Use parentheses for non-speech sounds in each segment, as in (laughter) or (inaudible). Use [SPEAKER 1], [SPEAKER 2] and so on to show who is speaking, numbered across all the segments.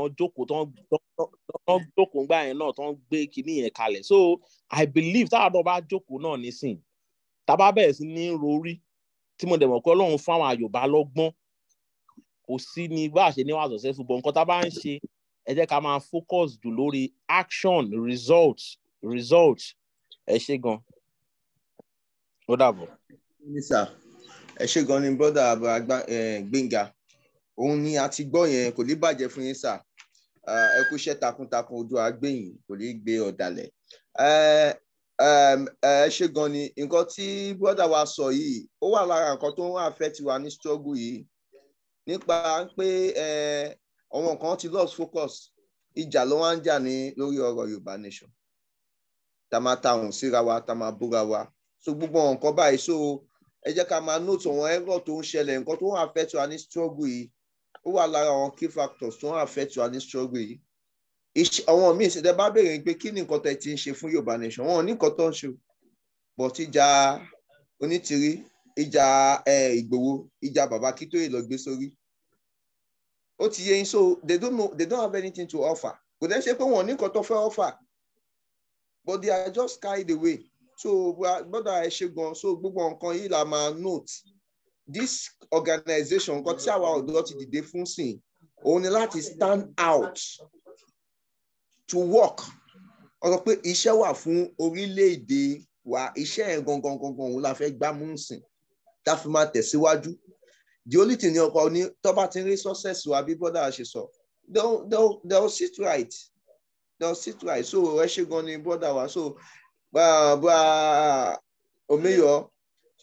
[SPEAKER 1] wọ́n jókòó tó ń jókòó gbà yẹn náà tó gbé kinní yẹn kalẹ̀ so i believe táwọn náà bá jókòó náà nísìn tábà bẹ̀rẹ̀ sí ní rorí tí mo dẹ̀ pé ọlọ́run fún àwọn àyòbá lọ́gbọ́n kò sí ni bá a ṣe ní wàá successful but nǹkan tá a bá ń ṣe ẹ jẹ́ ká máa focus jù lórí action result result ẹ ṣe gan ó dàbọ̀. mínísà ẹ ṣe
[SPEAKER 2] gan ni brother àgbà eh, gbẹ̀ngà òun ni a ti gbọ́ yẹn kò ní bàjẹ́ fún yín sà ẹ kú iṣẹ́ takuntakun ojú agbẹ̀yìn kò ní gbé ọ̀dàlẹ̀ ẹ ṣe gan ni nǹkan tí brọ́dà wa sọ yìí ó wà lára nǹkan tó ń affect wa ní struggle yìí nípa pé àwọn kan ti lost focus ìjà ló wá ń jà ní lórí ọ̀rọ̀ Yorùbá nation tá máa tahùn síra wa tá máa búra wa so gbogbo nǹkan báyìí so ẹ jẹ́ ká máa note àwọn ẹ̀rọ tó ń ṣẹlẹ̀ nǹkan tó ń affect wa ní struggle yìí ó wà lára àwọn key factors tó ń affect your ní struggle yìí àwọn míì ṣe tẹ bá béèrè pé kí ni nǹkan tẹ ti ń ṣe fún Yorùbá nation wọn ò ní nǹkan tó ń ṣe but ìjà onítìrí ìjà Ìgbòho ìjà bàbá Akíntóyè lọ gbé sórí ó ti yẹ yín so they don't know they don't have anything to offer kò dẹ́ ṣe pé wọn ò ní nǹkan tó fẹ́ offer but they are just carried away so brother ẹ ṣe gan so gbogbo nǹkan yìí la máa note this organization nǹkan tí àwa ọ̀dọ́ ti dìde fún sìn òun ni stand out to work ọ̀rọ̀ pé iṣẹ́ wà fún orílẹ̀-èdè wa iṣẹ́ yẹn gangan gangan òun la fẹ́ gbá mú sìn tá a fi máa tẹ̀síwájú the only thing ni ọkọ ni tó bá ti ń rí success wa bí brother ṣe sọ they'll they'll they'll sit right They will sit right so ẹ ṣe gan ni brother wa so bá bá omeyo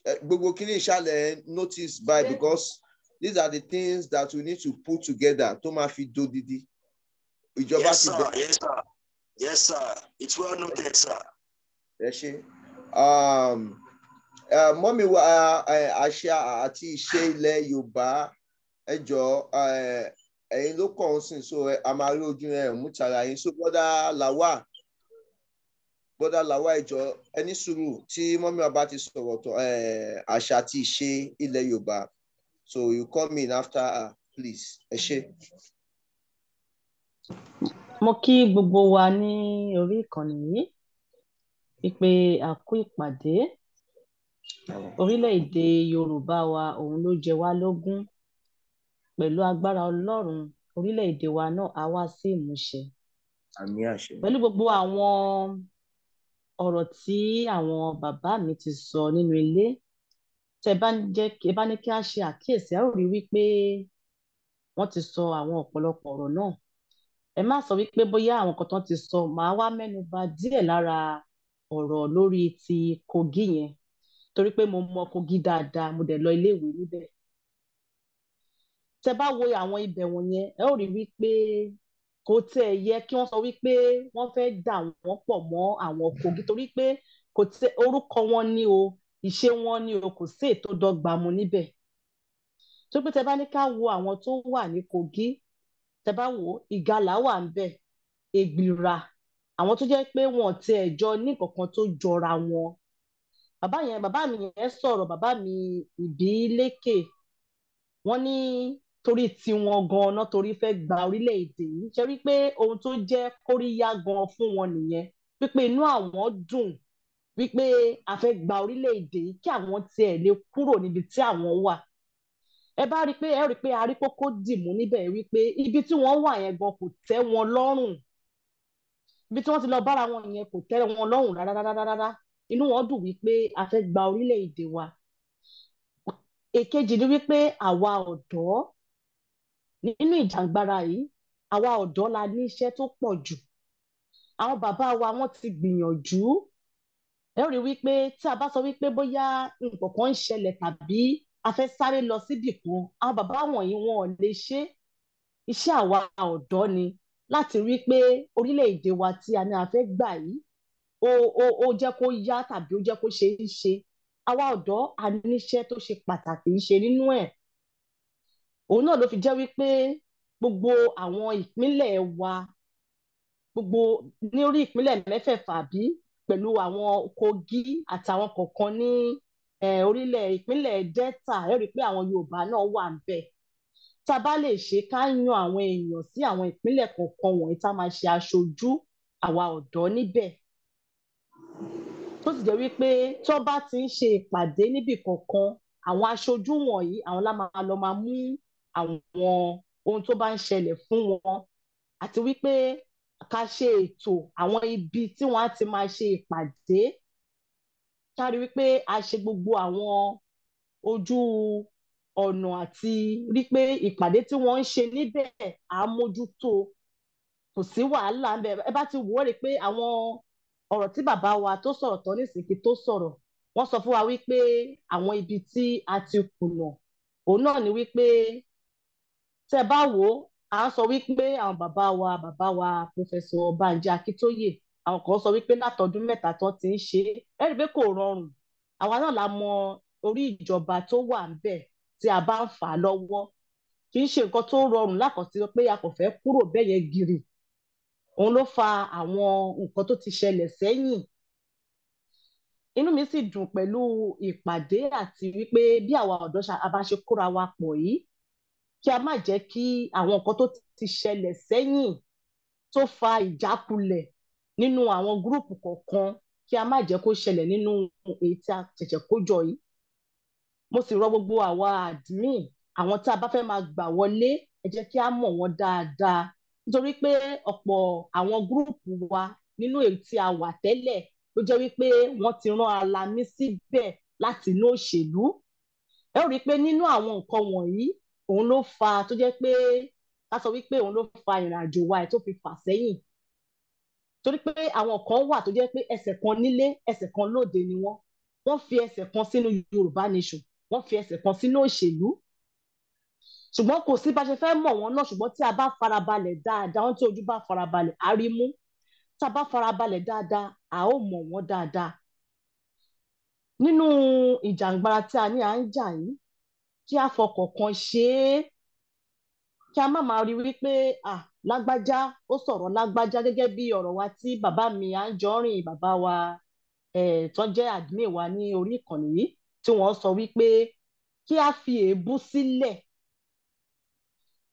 [SPEAKER 2] Eh, gbogbo kí ni ìṣàlẹ̀ notice by because these are the things that we need to put together tó máa fi dodidi. ìjọba ti bẹ̀rẹ̀. yes sir yes sir it's well noted sir. ẹ ṣe um, eh, mọ́mí wa eh, àṣà àti ìṣe ilẹ̀ yorùbá ẹ jọ ẹ̀yin ló kàn ń sìn so a máa rí ojú ẹ̀ mú tara yín so brother Lawal bọ́dà làwa ìjọ ẹni sùúrù tí mọ́mí wa bá ti sọ̀rọ̀ tán àṣà àti ìṣe ilẹ̀ yorùbá so you come in after her please ẹ ṣe.
[SPEAKER 3] mo kí gbogbo wa ní orí ìkànnì yìí wípé a kú ìpàdé orílẹ̀-èdè yorùbá wa òun ló jẹ wá lógún pẹ̀lú agbára ọlọ́run orílẹ̀-èdè wa náà á wá sí ìmúṣẹ. pẹ̀lú gbogbo àwọn ọ̀rọ̀ tí àwọn bàbá mi ti sọ nínú ilé tẹ bá ń jẹ́ ẹ bá ní kí a ṣe àkíyèsí a ó rí wípé wọ́n ti sọ àwọn ọ̀pọ̀lọpọ̀ ọ̀rọ̀ náà ẹ má sọ wípé bóyá àwọn kan tán ti sọ màá wá mẹ́nu bà díẹ̀ lára ọ̀rọ̀ lórí ti Kogi yẹn torí pé mo mọ Kogi dáadáa mo dẹ̀ lọ iléèwé níbẹ̀ tẹ bá wo àwọn ibẹ̀ wọ̀nyẹn ẹ ó rí wípé kò tiẹ̀ yẹ kí wọ́n sọ wípé wọ́n fẹ́ dà wọ́n pọ̀ mọ́ àwọn Kogi torí pé kò tiẹ̀ orúkọ wọn ni o ìṣe wọn ni o kò sí ètò dọ́gba mu níbẹ̀ tó pé tẹ bá ní ká wo àwọn tó wà ní Kogi tẹ bá wo Ìgalà wà ń bẹ̀ Ègbìrà àwọn tó jẹ́ pé wọn tiẹ̀ jọ ní kankan tó jọra wọn bàbá yẹn bàbá mi yẹn sọ̀rọ̀ bàbá mi Ìbílékè wọ́n ní torí tiwọn gan náà torí fẹ́ gba orílẹ̀-èdè yìí ṣe rí pé ohun tó jẹ́ kóríyá gan fún wọn nìyẹn wípé inú àwọn dùn wípé a fẹ́ gba orílẹ̀-èdè yìí kí àwọn tiẹ̀ lè kúrò níbi tí àwọn wà ẹ bá rí i pé ẹ rí i pé aríkókó dìmú níbẹ̀ wípé ibi tí wọ́n wà yẹn gan kò tẹ́ wọn lọ́rùn ibi tí wọ́n ti lọ bára wọn yẹn kò tẹ́ wọn lọ́rùn rárá inú wọn dùn wípé a fẹ́ gba orílẹ̀-èdè wa èkejì ni wípé àwa ọ̀dọ́ nínú ìjàngbara yìí àwa ọ̀dọ́ la ní iṣẹ́ tó pọ̀ jù àwọn bàbá wa wọ́n ti gbìyànjú ẹ ó rí wípé tí a bá sọ wípé bóyá nǹkan kan ń ṣẹlẹ̀ tàbí a fẹ́ sáré lọ síbì kan àwọn bàbá wọ̀nyí wọn ò lè ṣe iṣẹ́ àwa ọ̀dọ́ ni láti rí pé orílẹ̀-èdè wa tí a ní a fẹ́ gbà yìí ó ó ó jẹ́ kó yá tàbí ó jẹ́ kó ṣe é ṣe àwa ọ̀dọ́ a níṣẹ́ tó ṣe pàtàkì ń ṣe nínú ẹ̀ òun náà ló fi jẹ́ wípé gbogbo àwọn ìpínlẹ̀ wa gbogbo ní orí ìpínlẹ̀ mẹ́fẹ̀ẹ̀fà bí pẹ̀lú àwọn Kogi àtàwọn kọ̀ọ̀kan ní orílẹ̀ ìpínlẹ̀ Delta ẹ rí i pé àwọn Yorùbá náà wà ń bẹ̀ tá a bá lè ṣe ká yan àwọn èèyàn sí àwọn ìpínlẹ̀ kọ̀ọ̀kan wọ̀nyí tá a máa ṣe aṣojú àwa ọ̀dọ́ níbẹ̀ tó sì jẹ́ wípé tó bá ti ń ṣe ìpàdé níbì kọ̀ọ̀kan àwọn aṣojú wọ̀nyí àwọn la máa lọ máa mú àwọn ohun tó bá ń ṣẹlẹ̀ fún wọn àti wípé ká ṣe ètò àwọn ibi tí wọ́n á ti máa ṣe ìpàdé ká rí wípé a ṣe gbogbo àwọn ojú ọ̀nà àti rí pé ìpàdé tí wọ́n ń ṣe níbẹ̀ á mójútó kò sí wàhálà ń bẹ ẹ bá ti wọ́ọ̀rì pé àwọn ọ̀rọ̀ tí bàbá wa tó sọ̀rọ̀ tán nísìnyí tó sọ̀rọ̀ wọ́n sọ fún wa wípé àwọn ibi tí a ti kùnà òun náà ni wípé tẹ bá wo, ó à ń sọ wípé àwọn bàbá wa bàbá wa pòfẹsọ Bánjí Akíntóyè àwọn kan sọ wípé látọdún mẹ́ta tó ti ń ṣe é ẹrí pé kò rọrùn àwa náà la mọ orí ìjọba tó wà ń bẹ tí a bá ń fà á lọ́wọ́ kì í ṣe nǹkan tó rọrùn lákọsí pé a kò fẹ́ kúrò bẹ́ẹ̀ yẹn gírì òun ló fa àwọn nǹkan tó ti ṣẹlẹ̀ sẹ́yìn inú mi sì dùn pẹ̀lú ìpàdé àti wípé bí àwa ọ̀dọ́ abáṣe kóra wa pọ̀ yìí kí a má jẹ́ kí àwọn nǹkan tó ti ṣẹlẹ̀ sẹ́yìn tó fa ìjákulẹ̀ nínú àwọn gúrùpù kọ̀ọ̀kan kí a má jẹ́ kó ṣẹlẹ̀ nínú èyí tí a ṣẹ̀ṣẹ̀ kójọ yìí mo sì rọ gbogbo àwa admin àwọn tá a bá fẹ́ máa gbà wọlé ẹ jẹ́ kí a mọ̀ wọ́n dáadáa nítorí pé ọ̀pọ̀ àwọn gúrùpù wa nínú èyí tí a wà tẹ́lẹ̀ ló jẹ́ wípé wọ́n ti rán alamí síbẹ̀ láti inú òṣèlú ẹ ó rí i pé nínú àwọn nǹkan wọ̀nyí òun ló fa tó jẹ́ pé ká sọ wípé òun ló fa ìrìnàjò wa ẹ̀ tó fi fà sẹ́yìn torí pé àwọn kan wà tó jẹ́ pé ẹsẹ̀ kan nílé ẹsẹ̀ kan lóde ni wọ́n wọ́n fi ẹsẹ̀ kan sínú Yorùbá nation wọ́n fi ẹsẹ̀ kan sínú òṣèlú ṣùgbọ́n kò sí bá ṣe fẹ́ mọ̀ wọ́n náà ṣùgbọ́n tí a bá farabalẹ̀ dáadáa wọ́n tí ojú bá farabalẹ̀ á rí mú tá a bá farabalẹ̀ dáadáa a ó mọ̀ wọ́n dáadáa nínú ìjàngbara tí a ní à ń jà yìí kí a fọkànkan ṣe é kí a má máa rí wípé ah lágbájá ó sọ̀rọ̀ lágbájá gẹ́gẹ́ bí ọ̀rọ̀ wa tí bàbá mi Anjorin bàbá wa tó jẹ́ admin wa ní orí ìkànnì yìí tí wọ́n sọ wípé kí a fi èébú sílẹ̀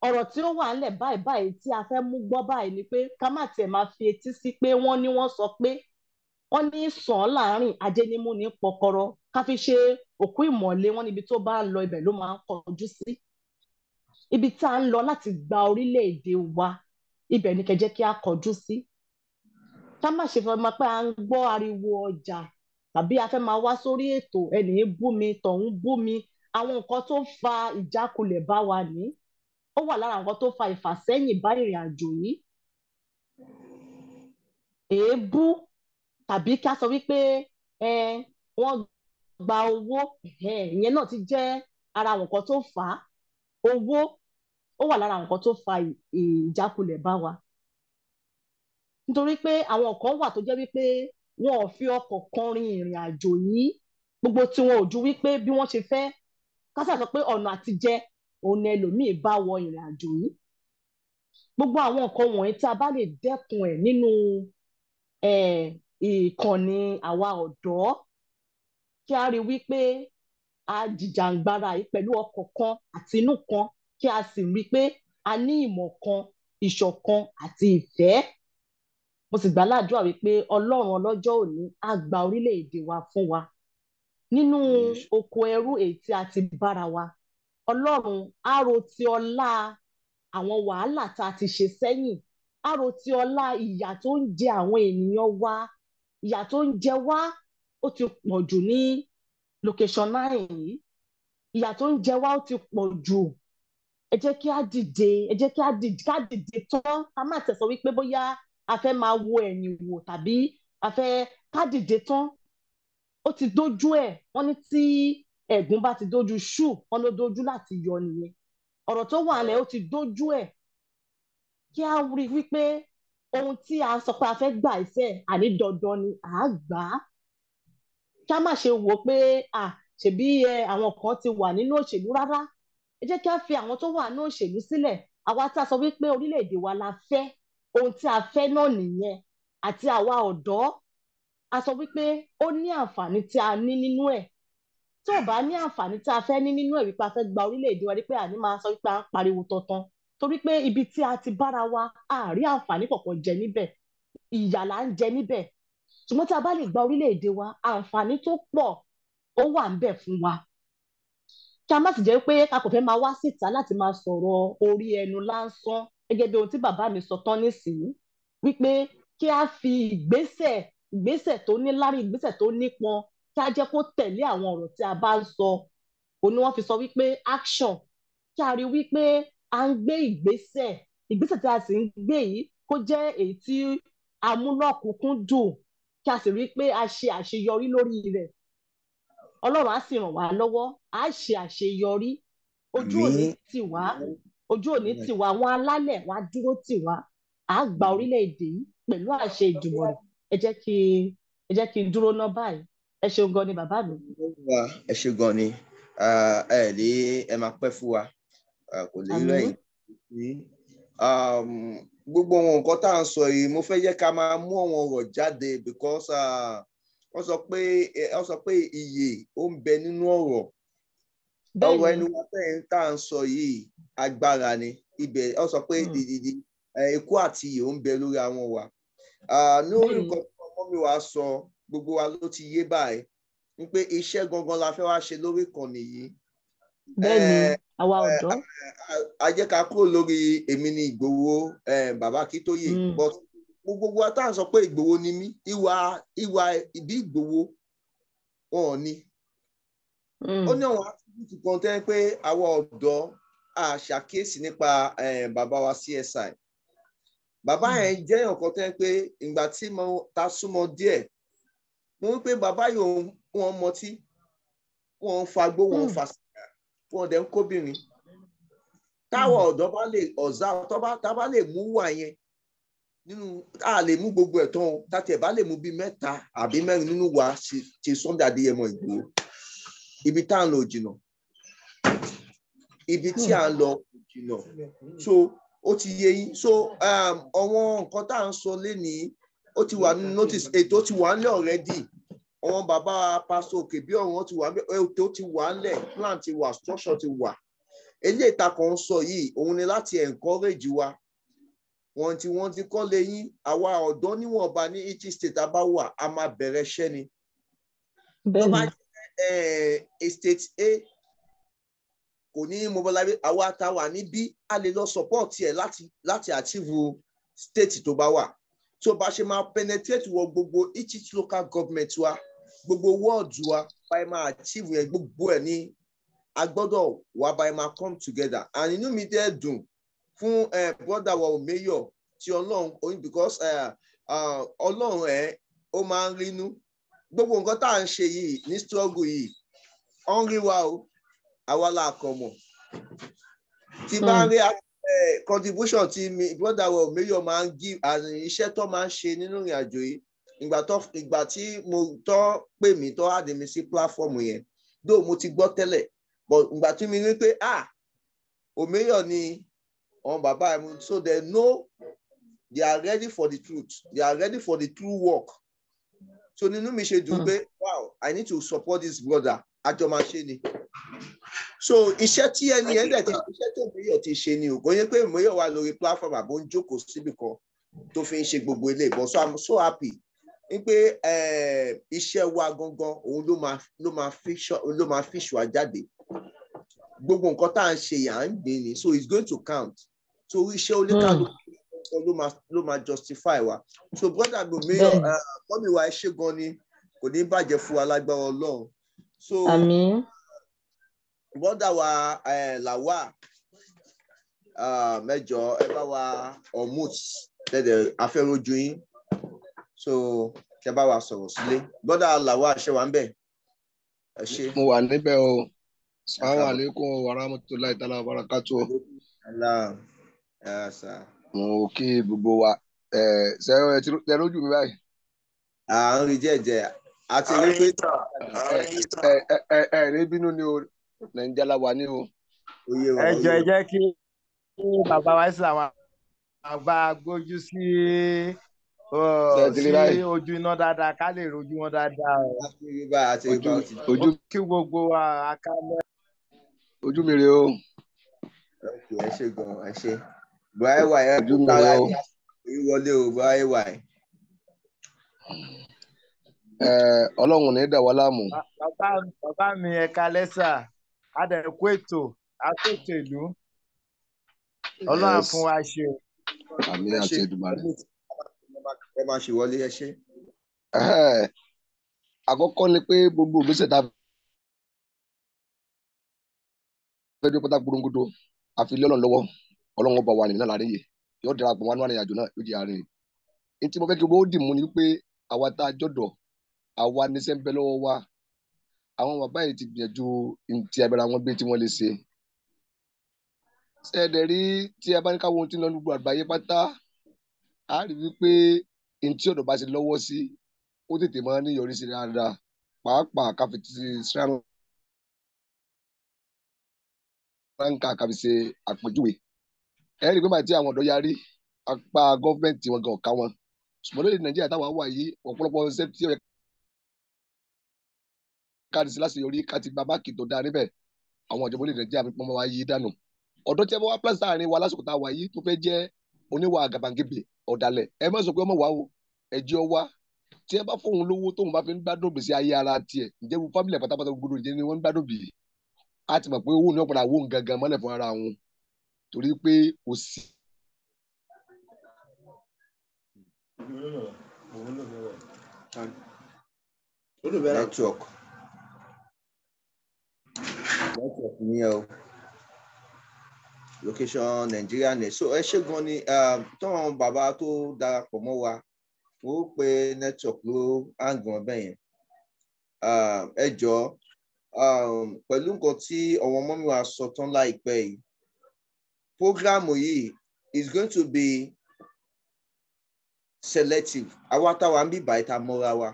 [SPEAKER 3] ọ̀rọ̀ tí ó wà ńlẹ̀ báyìí báyìí tí a fẹ́ mú gbọ́ báyìí ni pé ká má tiẹ̀ máa fi etí sí pé wọ́n ní wọ́n sọ pé wọ́n ní sàn án láàrin ajé ní mú ní pọkọrọ ká fi ṣe òkú ìmọ̀lé wọn níbi tó bá lọ ibẹ̀ ló máa ń kọjú sí ibi tá à ń lọ láti gba orílẹ̀-èdè wa ibẹ̀ ní kẹjẹ́ kí a kọjú sí ká má ṣe fọmọ pé à ń gbọ́ ariwo ọjà tàbí a fẹ́ máa wá sórí ètò ẹnì bú tọ̀hún bú àwọn nǹkan tó fa ìjákulẹ̀ bá wa ní ó wà lára nǹkan tó fa ìfàsẹ́yìn bá ìrìn àjò yìí èébú tàbí ká sọ wípé wọ́n gba owó ìyẹn náà ti jẹ́ ara nǹkan tó fà á owó ó wà lára nǹkan tó fa ìjákulẹ̀ bá wa nítorí pé àwọn kan wà tó jẹ́ wípé wọn ò fi ọkọ̀ kan rin ìrìn àjò yìí gbogbo tí wọn ò ju wípé bí wọ́n ṣe fẹ́ kásà sọ pé ọ̀nà àtijẹ òun ni ẹlòmíì bá wọ ìrìn àjò yìí gbogbo àwọn nǹkan wọ̀nyí tá a bá lè dẹ́kun ẹ̀ nínú ìkànnì àwa ọ̀dọ́ kí a rí wípé a jìjàǹgbara yìí pẹ̀lú ọkọ̀ kan àti inú kan kí a sì rí pé a ní ìmọ̀ kan ìṣọ̀kan àti ìfẹ́ mo sì gbàládùá wípé ọlọ́run ọlọ́jọ́ òní á gba orílẹ̀-èdè wa fún wa nínú oko ẹrú èyí tí a ti bára wa ọlọ́run á ro ti ọlá àwọn wàhálà tá a ti ṣe sẹ́yìn á ro ti ọlá ìyà tó ń jẹ àwọn ènìyàn wa ìyà tó ń jẹ wá ó ti pọ̀ jù ní location nine yìí ìyà tó ń jẹ wá ó ti pọ̀ jù ẹ jẹ́ kí á dìde ẹ jẹ́ kí á dìde ká dìde tán ká má tẹ̀sán wípé bóyá a fẹ́ máa wo ẹ̀yìn wò tàbí a fẹ́ ká dìde tán ó ti dójú ẹ̀ wọ́n ní tí ẹ̀gún bá ti dójú ṣù wọ́n ló dójú láti yọ nìyẹn ọ̀rọ̀ tó wà lẹ̀ ó ti dójú ẹ̀ kí á rí wípé ohun tí a sọ pé a fẹ́ gbà iṣẹ́ àní dandan ni à á gbà á ká má ṣe wò ó pé à ṣèbí àwọn kan ti wà nínú òṣèlú rárá ẹ jẹ́ kí a fi àwọn tó wà nínú òṣèlú sílẹ̀ àwa tá a sọ wípé orílẹ̀-èdè wa la fẹ́ ohun tí a fẹ́ náà nìyẹn àti àwa ọ̀dọ́ a sọ wípé ó ní àǹfààní tí a ní nínú ẹ̀ tó o bá ní àǹfààní tí a fẹ́ ní nínú ẹ̀ wípé a fẹ́ gba orílẹ̀-èdè wa rí pé àní máa sọ wípé à ń pariwo tọ̀tàn torí pé ibi tí a ti bára wa a rí àǹfààní kọ̀ọ̀kan jẹ níbẹ̀ ìyà là ń jẹ níbẹ̀ ṣùgbọ́n tí a bá lè gba orílẹ̀-èdè wa àǹfààní tó pọ̀ ó wà ń bẹ̀ fún wa kí a má sì jẹ́ pé a kò fẹ́ máa wá síta láti máa sọ̀rọ̀ orí ẹnu lásán gẹ́gẹ́ bí ohun tí bàbá mi sọ tán nísìnyí wípé kí a fi ìgbésẹ̀ ìgbésẹ̀ tó ní lárí ìgbésẹ̀ tó nípọn kí a jẹ́ kó tẹ̀lé àwọn ọ̀rọ̀ tí a bá ń sọ òun ni wọ́n fi sọ wípé action kí a rí wípé à ń gbé ìgbésẹ̀ ìgbésẹ̀ tí a sì ń gbé yìí kó jẹ́ èyí tí amúnàkúnkún dùn kí a sì rí i pé a ṣe àṣeyọrí lórí rẹ̀ ọlọ́run á sì ràn wá lọ́wọ́ á ṣe àṣeyọrí ojú òní tì wá ojú òní tì wá àwọn alálẹ̀ wá dúró tì wá á gba orílẹ̀-èdè yìí pẹ̀lú àṣẹ ìdìbò rẹ̀ ẹ jẹ́ kí ẹ jẹ́ kí n dúró ná báyìí ẹ ṣeun gan ni bàbá mi.
[SPEAKER 2] ẹ ṣe gan ni ẹ lè ẹ máa pẹ́ fún wa kò lè rẹ̀ yìí um, gbogbo àwọn nǹkan tá à ń sọ yìí mo fẹ́ jẹ́ ká máa mú àwọn ọ̀rọ̀ jáde because wọ́n sọ pé wọ́n sọ pé iyè ó ń bẹ nínú ọ̀rọ̀ ọ̀rọ̀ ẹni wọ́n fẹ́ tá à ń sọ yìí agbára ni ibẹ̀ wọ́n sọ pé hmm. dìdìdì ikú àti iyè ó ń bẹ lórí àwọn wa lórí nǹkan tí ọmọ mi wàá sọ gbogbo wa ló ti yé báyìí ni pé iṣẹ́ gangan la fẹ́ wá ṣe lórí ìkànnì yìí
[SPEAKER 1] bẹ́ẹ̀ni eh, àwa eh, ọ̀dọ́.
[SPEAKER 2] Eh, a jẹ́ ká kúrò lórí èmi ni Ìgbòho bàbá Akíntóyè hmm. but gbogbo wa tá à ń sọ pé Ìgbòho ni mí ìwà ìwà ìbí Ìgbòho wọn ò ní. Hmm. ó ní àwọn àtúntò kan tẹ́ pé àwa ọ̀dọ́ a nípa bàbá wa CSI bàbá hmm. yẹn jẹ́ ọ̀kan tẹ́ pé ìgbà tí mo ta súnmọ́ díẹ̀ mo ń pé bàbá yìí wọn mọtí wọn fagbó wọn ń wọn ò dẹ̀ ń kóbìnrin táwọn hmm. ọ̀dọ́ bá lè ọ̀zá tá bá lè mú wà yẹn nínú tá a lè mú gbogbo ẹ̀ tán tàtí ẹ̀ bá lè mú bíi mẹ́ta àbí mẹ́rin nínú wa ṣe Sunday Adéyẹmọ Ìgbòho ibi tá à ń lọ jìnnà ibi tí à ń lọ jìnnà so ó ti yé yín so um, àwọn nǹkan tá à ń sọ lénìí ó ti wà nínú notice ètò ti wà nílẹ̀ already ọmọ bàbá pásítọ̀ òkè bí ọ̀run ti wà tó ti wà ńlẹ̀ plan ti wà structure ti wà eléyìí ta kàn ń sọ yìí òun ni láti encourage wa wọn tí wọn ti kọ́ lẹ́yìn àwa ọ̀dọ́ níwọ̀nba ní each state a bá wà a máa bẹ̀rẹ̀ iṣẹ́ ni. bẹ́ẹ̀ ni estate a kò ní mobilize àwa tá wà ní b a lè lọ support ẹ̀ láti láti achieve state tó bá wà tó bá ṣe máa penetrate wọ gbogbo each local government wa gbogbo wọ́ọ̀dù wa báyìí máa achieve yẹn gbogbo ẹ̀ ní a gbọ́dọ̀ báyìí máa come together and inú mi dẹ́ dùn fún broda wa omeyo ti ọlọ́run oyin because ọlọ́run ẹ̀ ó máa ń rínú gbogbo nǹkan tá à ń ṣe yìí ní struggle yìí ó ń rí wa o àwa la kọ̀ mọ̀ tí bá hmm. rí contribution tí broda wa omeyo máa ń give àrùn iṣẹ́ tó máa ń ṣe nínú ìrìn yìí ìgbà tó ìgbà tí mo tó pè mí tó add mi sí platform yẹn dó mo ti gbọ́ tẹ́lẹ̀ but ìgbà tí mi ní pé ah omeyo ni àwọn bàbá mi so they know they are ready for the truth they are ready for the true work so nínú mi ṣe dùn hmm. pé wow i need to support this brother àjọmáṣe ni so iṣẹ́ tí ẹni ẹ̀ dẹ̀ ti iṣẹ́ tó mòyọ̀ ti ṣe ni o kò yẹ pé mòyọ̀ wà lórí platform àbò ń jókòó síbì kan tó fi ń ṣe gbogbo ilé ìbọn so i'm so happy wípé eh, iṣẹ́ wa gangan òun ló máa fi ṣùwà jáde gbogbo nǹkan tá à ń ṣe yà ń gbìn ni so it's going to count so iṣẹ́ oníkàlùkù ló máa justify wa so brother mi mìíràn eh, mọ́mí wa ẹ gan ni kò ní bàjẹ́ fún wa ọlọ́run so brother wa eh, làwà mẹ́jọ ah, ẹ bá wa ọ̀mùt tẹ̀lé afẹ́rojú yín so kẹ bá wa sọ̀rọ̀ sílé bọ́dà làwọn àṣẹ wa ń bẹ̀ ẹ ṣe. mo wà níbẹ̀ o salamu aleykum wa
[SPEAKER 4] rahmatulahi ta'ala wa barakatuh. mo kí gbogbo wa ṣẹ́yọ́ ẹ lójú mi báyìí. à ń rí jẹ́jẹ́ àti rí pé. ẹ ẹ rí bínú ni o nàìjíríà wà ní o.
[SPEAKER 1] ẹ jọ ẹ jẹ́ kí bàbá wa ṣe àwọn àgbà gbójú sí i sí ojú iná dáadáa ká lè rojú wọn dáadáa ojú kí gbogbo akálẹ̀.
[SPEAKER 2] ojú mi rè o. ẹ ṣe gan ẹ ṣe buhari wà ẹ kú kára ní
[SPEAKER 1] wọlé o buhari hmm. wà ẹ.
[SPEAKER 4] ọlọ́run ní dà wá láàmú.
[SPEAKER 1] bàbá mi ẹ̀ka lẹ́sà adẹ̀kú ètò àkótó ìlú ọlọ́run fún wa ṣe.
[SPEAKER 4] àmì àti Èdùmàrè
[SPEAKER 2] ẹ máa ṣèwọlé ẹ ṣe.
[SPEAKER 4] àkọ́kọ́ ni pé gbogbo ìgbésẹ̀ tá a fẹ́ dé pátá gbóngbódó àfi lọ́lọ́run lọ́wọ́ ọlọ́run ọba wa nìyí náà láàrin yìí yóò dára pọ̀ wá níwájú àjò náà yóò di àárín yìí. ní tí mo fẹ́ kí gbogbo ó dì mú ni wípé àwa tá a jọ̀dọ̀ àwa níṣẹ́ ń bẹ lọ́wọ́ wa àwọn bàbá yìí ti gbìyànjú ti abẹ́rẹ́ àwọn gbé tí wọ́n lè ṣe. ṣé rí tí a bá ní káwọn àgbáyé pátá a rí wípé ntí ọ̀dọ́ bá ti lọ́wọ́ sí ó tètè máa ní ìyọrí sí dáadáa pàápàá káfí ti Sri Lanka káfí ṣe àpèjúwe ẹ rí i pé màá tí àwọn ọ̀dọ́ yarí apá gọ́fẹ́ǹtì wọn gan ọ̀ka wọn ṣùgbọ́n lórí Nàìjíríà táwọn wà yìí ọ̀pọ̀lọpọ̀ ṣẹ́ tí ó yẹ káàdì sí láti yọrí káàtì gba báàkì tó dáa níbẹ̀ àwọn ìjọba olóòdì Nàìjíríà pípọ́n wa yí dànù ọ̀dọ́ tí ẹ bá wá pẹ́sà àárín wa lásìkò tá a yìí tó fẹ́ jẹ́ oníwà àgàbàǹgebè ọ̀dàlẹ̀ ẹ má sọ pé ọmọ wa o ẹjọ́ wá tí ẹ bá fóun lówó tóun bá fi ń gbádùn gbèsè ayé ara tiẹ̀ ǹjẹ́ gbogbo fámìlì pátápátá gbogbo ǹjẹ́ ni wọ́n ń gbádùn bì í a ti mọ̀ pé owó ní ọ̀pọ̀lọpọ̀ àwọn ohun gangan mọ́lẹ̀ fún ara wọn torí pé kò sí.
[SPEAKER 2] network network ni ẹ o location Nigeria ni so ẹ ṣe gan ni um, tọ́wọ́n bàbá tó darapọ̀ mọ́ wa mo rò pé network ló hàngàn bẹ́ẹ̀ yẹn ẹ jọ pẹ̀lú nǹkan tí ọ̀wọ́n mọ́ mi wá sọ tán láìpẹ́ yìí program yìí is going to be selective àwa táwa ń bíbá ìta mọ́ra wa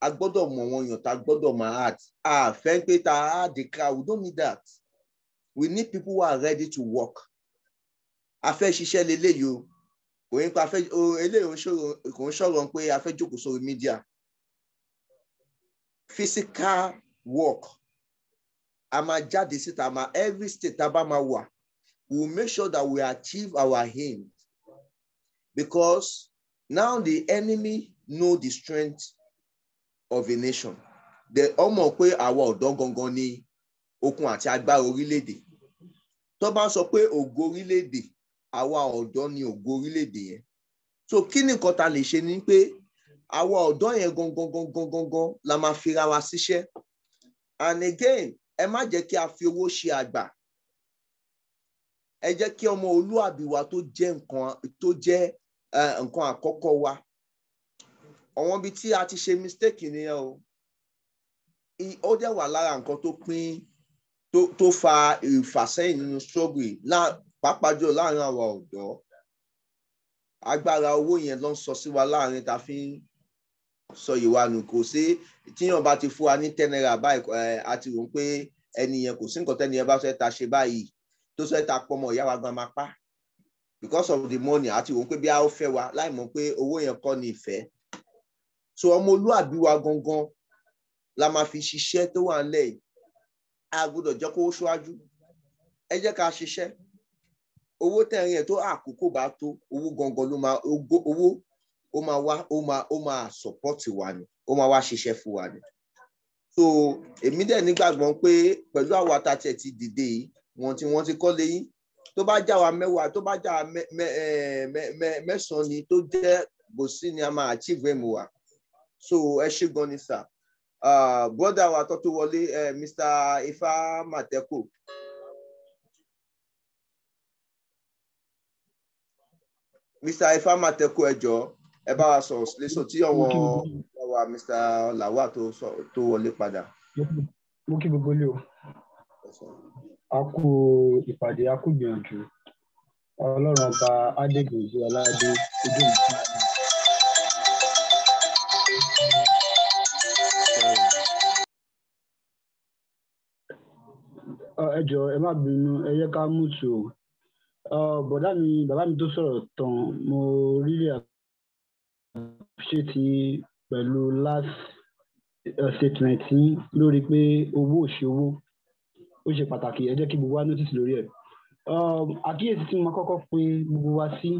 [SPEAKER 2] a gbọ́dọ̀ mọ̀ wọn yàn tá a gbọ́dọ̀ máa add a fẹ́ pé ta add the crowd we don't need that we need people who are ready to work a fẹ́ ṣiṣẹ́ lélẹ́yìí o òun pa afẹ́ eléyìí kò ń sọ̀rọ̀ pé a jókòó sórí mídíà physical work a máa jáde síta máa every state tá a bá máa wà we will make sure that we achieve our aim because now the enemy know the strength of a nation the ọmọ pé àwa ọ̀dọ́ gangan ni okun àti agbára orílẹ̀-èdè tó bá sọ pé ògo orílẹ̀-èdè àwa ọ̀dọ́ ni ògo orílẹ̀-èdè yẹn so kí ni nǹkan ta lè ṣe ni pé àwa ọ̀dọ́ yẹn gangan gangan gangan la máa fira wa síṣẹ́ and again ẹ má jẹ́ kí a fi owó ṣe àgbà ẹ jẹ́ kí ọmọ olúàbí wa tó jẹ́ nǹkan tó jẹ́ nǹkan àkọ́kọ́ wa àwọn ibi tí a ti ṣe mistake nìyẹn o ó dẹ̀ wà lára nǹkan tó pín tó fa ìfàsẹ́yìn nínú struggle pápájọ láàrin àwa ọ̀dọ́ agbára owó yẹn ló ń sọ sí wa láàrin ta fi ń sọ ìwà nù kò sí tíyàn bá ti fún wa ní ten báyìí a ti rò pé ẹni kò sí nǹkan tẹ́ni bá fẹ́ ta ṣe báyìí tó fẹ́ ta pọmọ ìyá wa gan máa pa because of the money àti wọ́n pé bí a ó fẹ́ wa láì mọ̀ pé owó yẹn kọ́ ni ìfẹ́ so ọmọlúàbí wa gangan la máa fi ṣiṣẹ́ tó wà ńlẹ̀ yìí a gbọ́dọ̀ jẹ́ kó ṣíwájú ẹ jẹ́ ká ṣiṣẹ́ owó tẹ̀rín ẹ̀ tó àkókò bá tó owó gangan ló máa owó ó máa wá ó máa ó máa sọ̀pọ́tì wa ni ó máa wá ṣiṣẹ́ fún wa ni. so èmi dẹ̀ nígbàgbọ́ pé pẹ̀lú àwọn atatẹ̀ ti dìde yìí wọ́n ti wọ́n ti kọ́ lẹ́yìn tó bá já wa mẹ́wàá tó bá já wa mẹ́sàn-án ni tó jẹ́ bòsí ni a máa achieve ẹ̀mú wa so ẹ ṣé gan ni sir ah, brother wa tó tó wọlé eh, mr ifá mateko Mr. Ifeama Teku ẹjọ́ ẹ bá wa sọ léṣọ tí ọwọ́ wa Mr. Lawal tó wọlé padà.
[SPEAKER 5] Mo kí gbogbo lé o. A kú ìpàdé, a kú gbìyànjú. Ọlọ́run ọba Adégbèjì Ọládé ojú mi kí. Ẹ jọ̀ọ́ ẹ má bínú ẹ yẹ ká mú tù o. Euh, bọ̀dá mi bàbá mi tó sọ̀rọ̀ tán mo really appreciate yín pẹ̀lú last uh, statement yín lórí pé owó ò ṣe owó ó ṣe pàtàkì ẹ jẹ́ kí gbogbo wa notice lórí ẹ̀ um, àkíyèsí tí mo kọ́kọ́ pe gbogbo wa sí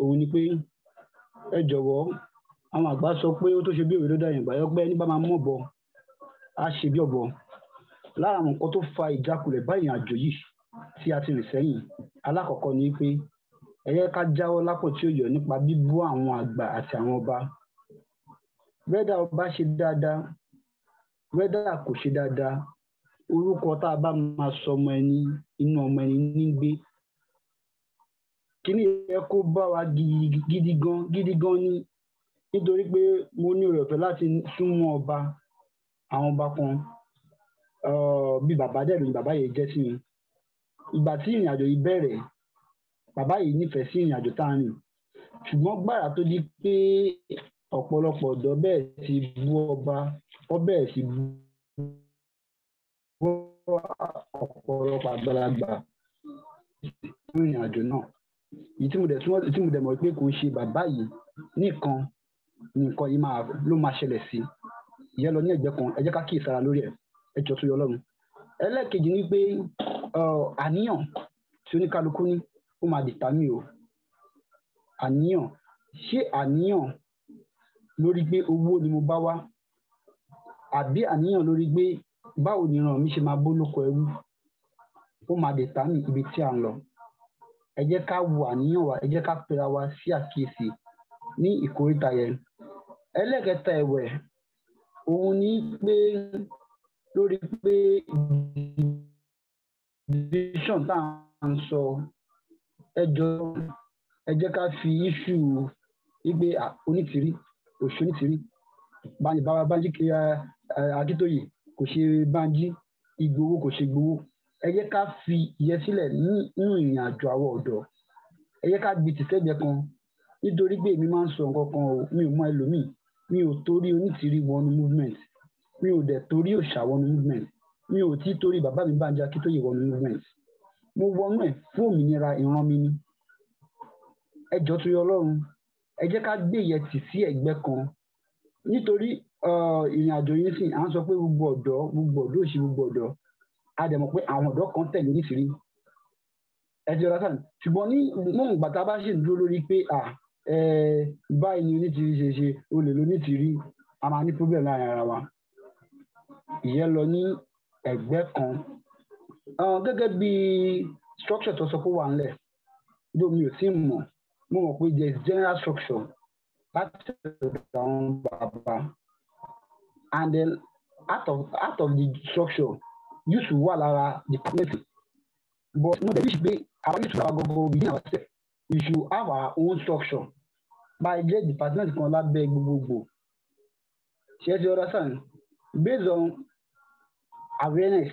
[SPEAKER 5] òun ni pé ẹ jọ̀wọ́ àwọn àgbà sọ pé ó tó ṣe bí òwe ló dá yẹn gbà yọpẹ́ máa mọ̀ bọ̀ á ṣe bí ọ̀bọ lára àwọn nǹkan tó fa ìjákulẹ̀ báyìí àjò yìí tí a ti rìn sẹ́yìn alákọ̀ọ́kọ́ ni pé ẹ yẹ ká jáwọ́ lápò tí ó yọ nípa bíbú àwọn àgbà àti àwọn ọba wẹ́dà ọba ṣe dáadáa wẹ́dà kò ṣe dáadáa orúkọ tá a bá máa sọ ọmọ ẹni inú ọmọ ẹni ní gbé kíní yẹ kó bá wa gidi gan gidi gan ni nítorí pé mo ní ọ̀rẹ́ ọ̀fẹ́ láti súnmọ́ ọba àwọn ọba kan bí bàbá dẹ̀ lóyún bàbá yẹn jẹ́ sí mi ìgbà tí ìrìn àjò yìí bẹ̀rẹ̀ bàbá yìí nífẹ̀ẹ́ sí ìrìn àjò tá a rìn ṣùgbọ́n gbàrà tó di pé ọ̀pọ̀lọpọ̀ ọ̀dọ́ bẹ́ẹ̀ ti bú ọba ó bẹ́ẹ̀ sì bú ọ̀pọ̀lọpọ̀ àgbàlagbà fún ìrìn àjò náà èyí tí mo dẹ̀ tí mo dẹ̀ mọ̀ pé kò ń ṣe bàbá yìí nìkan nìkan yìí ló máa ṣẹlẹ̀ sí ìyẹn lọ ní ẹ̀jẹ̀ kan ẹ jẹ́ ká kíyèsára lórí ẹ̀ ẹ tó yọ ọlọ́run ẹlẹ́ẹ̀kejì ni pé Eh, àníyàn tí oníkálukú ní ó máa dìtàmì o àníyàn ṣé àníyàn lórí pé owó ni mo bá wá àbí àníyàn lórí pé báwo ni ìran mi ṣe máa bó lóko ẹrú ó máa dìtàmì ibi tí à ń lọ ẹ jẹ́ ká wo àníyàn wa ẹ jẹ́ ká pera wa sí àkíyèsí ní ìkóríta yẹn ẹlẹ́kẹta ẹ̀wẹ̀ òun ni pé lórí pé vision tá à ń sọ ẹjọ́ ẹ jẹ́ ká fi iṣu igbe onítìrí òṣù onítìrí bàbá Bánjí kiri Akíntóyè kò ṣe Bánjí Ìgbòho kò ṣe Ìgbòho ẹ jẹ́ ká fi ìyẹn sílẹ̀ nínú ìrìn àjò àwọn ọ̀dọ́ ẹ jẹ́ ká gbi tìsẹ́gbẹ̀ẹ́ kan nítorí pé èmi máa ń sọ nǹkan kan o mi ò mọ ẹlòmíì mi ò torí onítìrí wọnú movement mi ò dẹ̀ torí òòṣà wọnú movement mi ò tí torí bàbá mi Bánjí Akíntóyè wọnú movement mo wọnú ẹ̀ fún òmìnira ìran mi ni ẹ jọ̀ọ́ torí Ọlọ́run ẹ jẹ́ ká gbé ìyẹtì sí ẹ̀gbẹ́ kan nítorí ìrìn àjò yìí sìn à ń sọ pé gbogbo ọ̀dọ́ gbogbo ọ̀dọ́ òsì gbogbo ọ̀dọ́ a dẹ̀ mọ̀ pé àwọn ọ̀dọ́ kan tẹ̀lé nísìrí ẹ ti rọ́tàn ṣùgbọ́n ní mọ̀n gbàtà bá ṣì ń dúró lórí pé à báyìí ni onítìrí ṣe ṣe olè lónítìrí a máa ní problem láàrin ara wa ìyẹn lọ ní ẹgbẹ́ kan gẹ́gẹ́ bí structure tó sọ pé wà ńlẹ̀ ló mi ò sí mọ̀ mo mọ̀ pé there is general structure láti ọ̀dọ̀ àwọn bàbá and then out of out of the structure yusuf wà lára the place but no dey wish pé our yusuf our gbogbo within ourselves we should have our own structure by the department kan lábẹ́ gbogbogbò ṣe é ti ọ̀rọ̀ sàn
[SPEAKER 1] based on awareness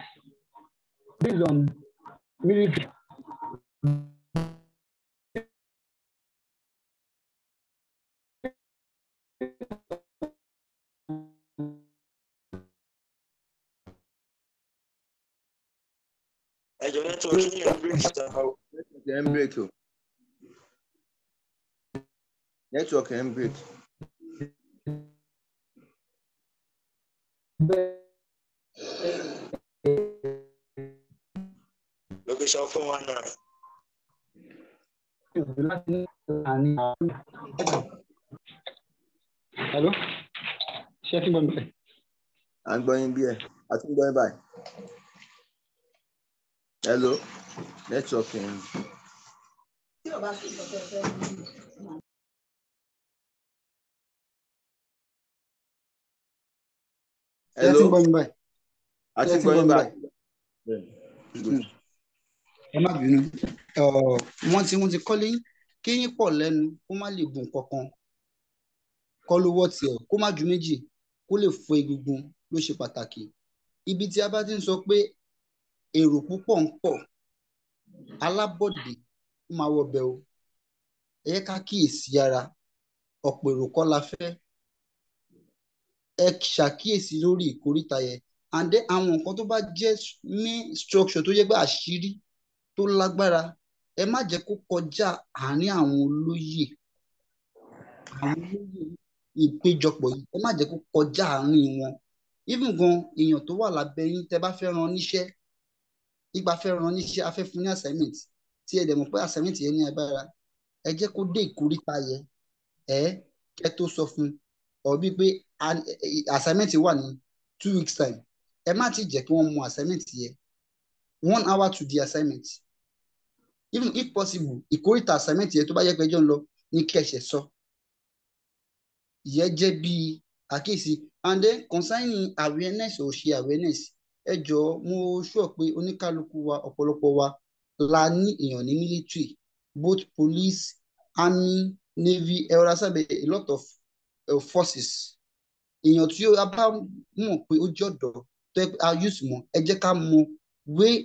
[SPEAKER 1] based on military. ẹjọ nẹtọ kí ni ẹmbírèkì ta o. nẹtọọkì ẹmbírèkì
[SPEAKER 2] o nẹtọọkì
[SPEAKER 1] ẹmbírèkì.
[SPEAKER 5] ló fi
[SPEAKER 4] sọ fún wọn náà.
[SPEAKER 2] Hello? Ṣé ẹ ti gbọ́ mi bẹ́ẹ̀? À ń gbọ́ yín bí ẹ̀, a ti ń gbọ́ yín báyìí. Hello?
[SPEAKER 1] Network yẹn.
[SPEAKER 3] Tí Hello?
[SPEAKER 5] Ṣé ẹ ti gbọ́
[SPEAKER 1] mi báyìí? àti gbọ́yìn báyìí.
[SPEAKER 5] ẹ má bínú wọ́n ti wọ́n ti kọ́lé kéyìn pọ̀ lẹ́nu kó má lè gùn kankan kọ́ lówó tiẹ̀ kó má ju méjì kó lè fọ egungun ló ṣe pàtàkì ibi tí a bá ti ń sọ pé èrò púpọ̀ ń pọ̀ alábọ̀dé ó máa wọbẹ̀ o ẹ yẹ ká kíyèsí ara ọ̀pọ̀ èrò kọ́ la fẹ́ ẹ ṣàkíyèsí lórí ìkóríta yẹn and then àwọn nǹkan tó bá jẹ́ main structure tó yẹ pé àṣírí tó lágbára ẹ má jẹ́ kó kọjá àárín àwọn olóyè àwọn olóyè ìpéjọpọ̀ yìí ẹ má jẹ́ kó kọjá àárín wọn even gan èèyàn tó wà lábẹ́ yín tẹ́ bá fẹ́ rán níṣẹ́ nípa fẹ́ rán níṣẹ́ afẹ́ fún ní assignment tí ẹ dẹ̀ mọ̀ pé assignment yẹn ní agbára ẹ jẹ́ kó dé ìkóríta yẹ ẹ kẹ́ tó sọ fún ọ bí pé assignment wà ní two weeks time ẹ má ti jẹ́ kí wọ́n mú assignment yẹ one hour to the assignment even if possible ìkórìtà assignment yẹ tó bá yẹ pé ẹjọ́ ń lọ ní kẹ̀ṣẹ̀ sọ ìyẹn jẹ́ bí àkíyèsí and then concerning awareness ò ṣe awareness ẹ jọ̀ọ́ mo sọ pé oníkálukú wa ọ̀pọ̀lọpọ̀ wa la ní èèyàn ní military both police army navy ẹ̀rọ sábẹ́ a lot of uh, forces èèyàn tí ó bá mọ̀ pé ó jẹ́ tó yẹ pé a use wọn ẹ jẹ́ ká mọ way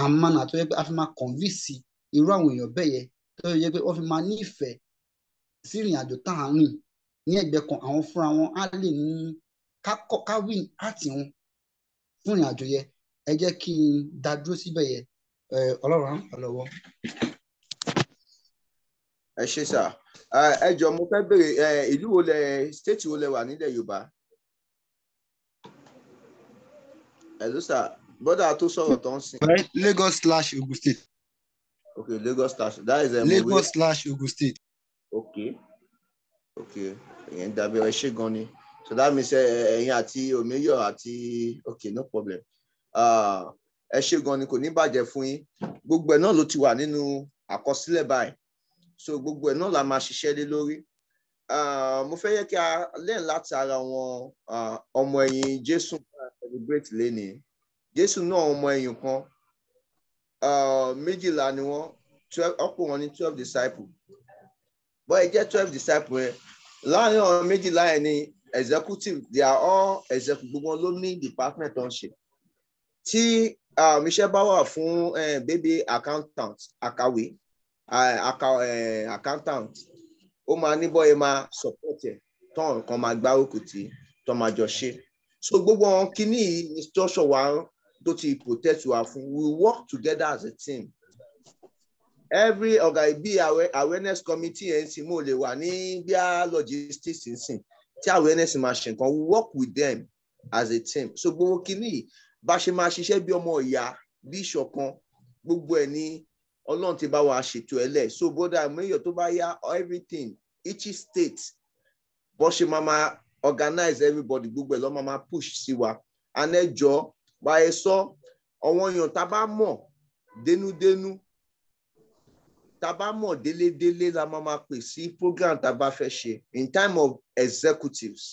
[SPEAKER 5] and manner tó yẹ pé a fi máa convince irú àwọn èèyàn bẹ́ẹ̀ yẹn tó yẹ pé wọ́n fi máa nífẹ̀ẹ́ sí ìrìn àjò tá à ń rìn ní ẹgbẹ́ kan àwọn fúnra wọn á lè ní ká wí àti wọn fún ìrìn àjò yẹn ẹ jẹ́ kí n dá dúró síbẹ̀ yẹn ọlọ́run á lọ́wọ́.
[SPEAKER 2] ẹ ṣe sà ẹ jọ mo fẹ́ béèrè ìlú wo lẹ stéètì wo lẹ wà nílẹ̀ yorùbá. hello sir bọ́dà tó sọ̀rọ̀ tó ń sìn.
[SPEAKER 5] Lagos slash Ogun State.
[SPEAKER 2] okay Lagos slash that is. Um, Lagos
[SPEAKER 5] slash Ogun State.
[SPEAKER 2] okay okay ìyẹn dàbí ẹ ṣe gan ni so that means eh, ẹ̀yin àti omiyo àti okay no problem ah, ẹ ṣe gan ni kò ní bàjẹ́ fún yín gbogbo ẹ̀ náà ló ti wà nínú àkọsílẹ̀ báyìí so gbogbo ẹ̀ náà la máa ṣiṣẹ́ lé lórí ah, mo fẹ́ yẹ kí a lẹ́yìn láti ara wọn ah, ọmọ ẹ̀yìn Jésù Great lénìí jésù náà ọmọ ẹ̀yìn kan méjìlá ni wọ́n ọkùnrin ní twelve disciples bọ́ ẹ jẹ́ twelve disciples yẹn láàrin àwọn méjìlá yẹn ni executive they are all executive gbogbo ló ní department tó ń ṣe tí iṣẹ́ bá wà fún baby accountant akàwé accountant ó máa ní bọ́ ẹ máa support ẹ̀ tán kan máa gbárùkù tí tán máa jọ ṣe so gbogbo àwọn kìíní ní structure wa tó ti protect wa fún we work together as a team every ọ̀gá ibi awareness committee ẹ̀ ń sìn mo lè wà ní bíá logistics ń sìn tí awareness máa ṣe nǹkan we work with them as a team so gbogbo kìíní bá ṣe máa ṣiṣẹ́ bí ọmọ ìyá bí ìṣọ̀kan gbogbo ẹ̀ ní ọlọ́run ti bá wa ṣètò ẹ̀ lẹ̀ so broda mayor tó bá yá everything each state bó ṣe máa máa organize everybody gbogbo ẹ̀ lọ́ máa push sí wa anẹ́jọ́ bá ẹ sọ àwọn èèyàn tá a bá mọ̀ dénúdénú tá a bá mọ̀ délédélé la máa máa pè sí program tá a bá fẹ́ ṣe in time of executives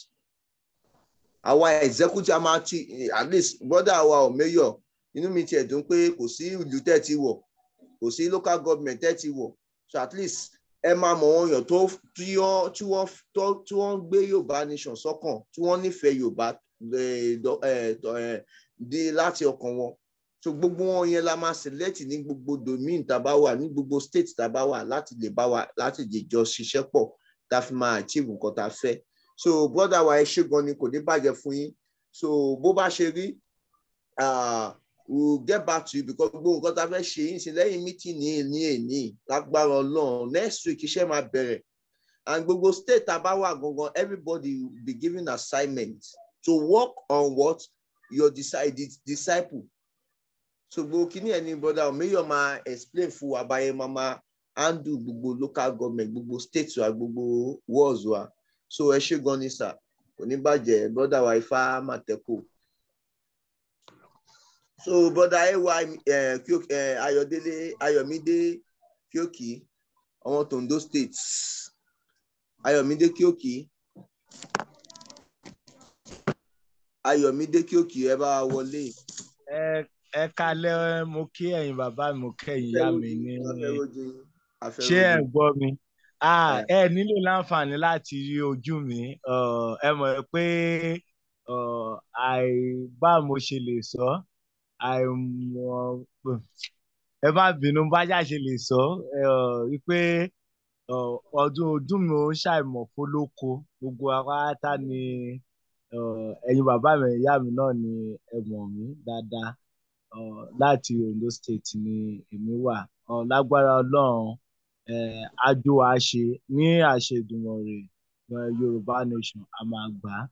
[SPEAKER 2] àwa executive a máa ti at least brother wa ò mayor inú mi tiẹ̀ dùn pé kò sí ìlú tẹ́ ti wọ̀ kò sí local government tẹ́ ti wọ̀ so at least ẹ máa mọ àwọn èèyàn tó tí wọ́n ń gbé yorùbá nation sọ́kàn tí wọ́n nífẹ̀ẹ́ yorùbá dé láti ọkàn wọn so gbogbo wọn yẹn la máa select ní gbogbo domain tàbá wà ní gbogbo state tàbá wà láti lè bá wa láti lè jọ ṣiṣẹ́ pọ̀ tá a fi máa achieve nǹkan tá a fẹ́ so brother wa ẹ ṣé gan ni kò ní bàjẹ́ fún yín so bó bá ṣe rí. Ah, we'll get back to you because gbogbo nǹkan tá a fẹ́ ṣe yín sí lẹ́yìn meeting ní ní èní lágbára ọlọ́run next week iṣẹ́ máa bẹ̀rẹ̀ and gbogbo state tá a bá wà gangan everybody will be given assignment to work on what your decided disciple so gbogbo kí ni ẹni broda omeyo máa explain fún wa báyẹn máa máa handle gbogbo local government gbogbo state wa gbogbo wards wa so ẹ ṣe gan ni sir kò ní bàjẹ́ broda wa ifá màtẹ́kù so brother ay eh, eh, ayọ̀délé ayọ̀mídé kíókì ọmọ tondo state
[SPEAKER 1] ayọ̀mídé kíókì
[SPEAKER 2] ayọ̀mídé kíókì ẹ bá wọlé.
[SPEAKER 1] ẹ kalẹ̀ mo kí ẹ̀yin bàbá mi mo kẹ́yìn ìyá mi ní ṣé ẹ gbọ́ mi ẹ nílò láǹfààní láti rí ojú mi ẹ mọ̀ pé àìbá mo ṣe lè sọ. So àìmọ̀ hmm. ẹ má bínú bájà ṣe lè sọ wípé ọdún ọdún mi ò ń ṣàìmọ̀ fólóko gbogbo apáta ni ẹ̀yin bàbá mi ìyá mi náà ni ẹ mọ̀ mí dáadáa láti Ondo State ni èmi wà lágbára Ọlọ́run àjò àṣe ní àṣẹ Ìdùmàrè Yorùbá Nation a máa gbà á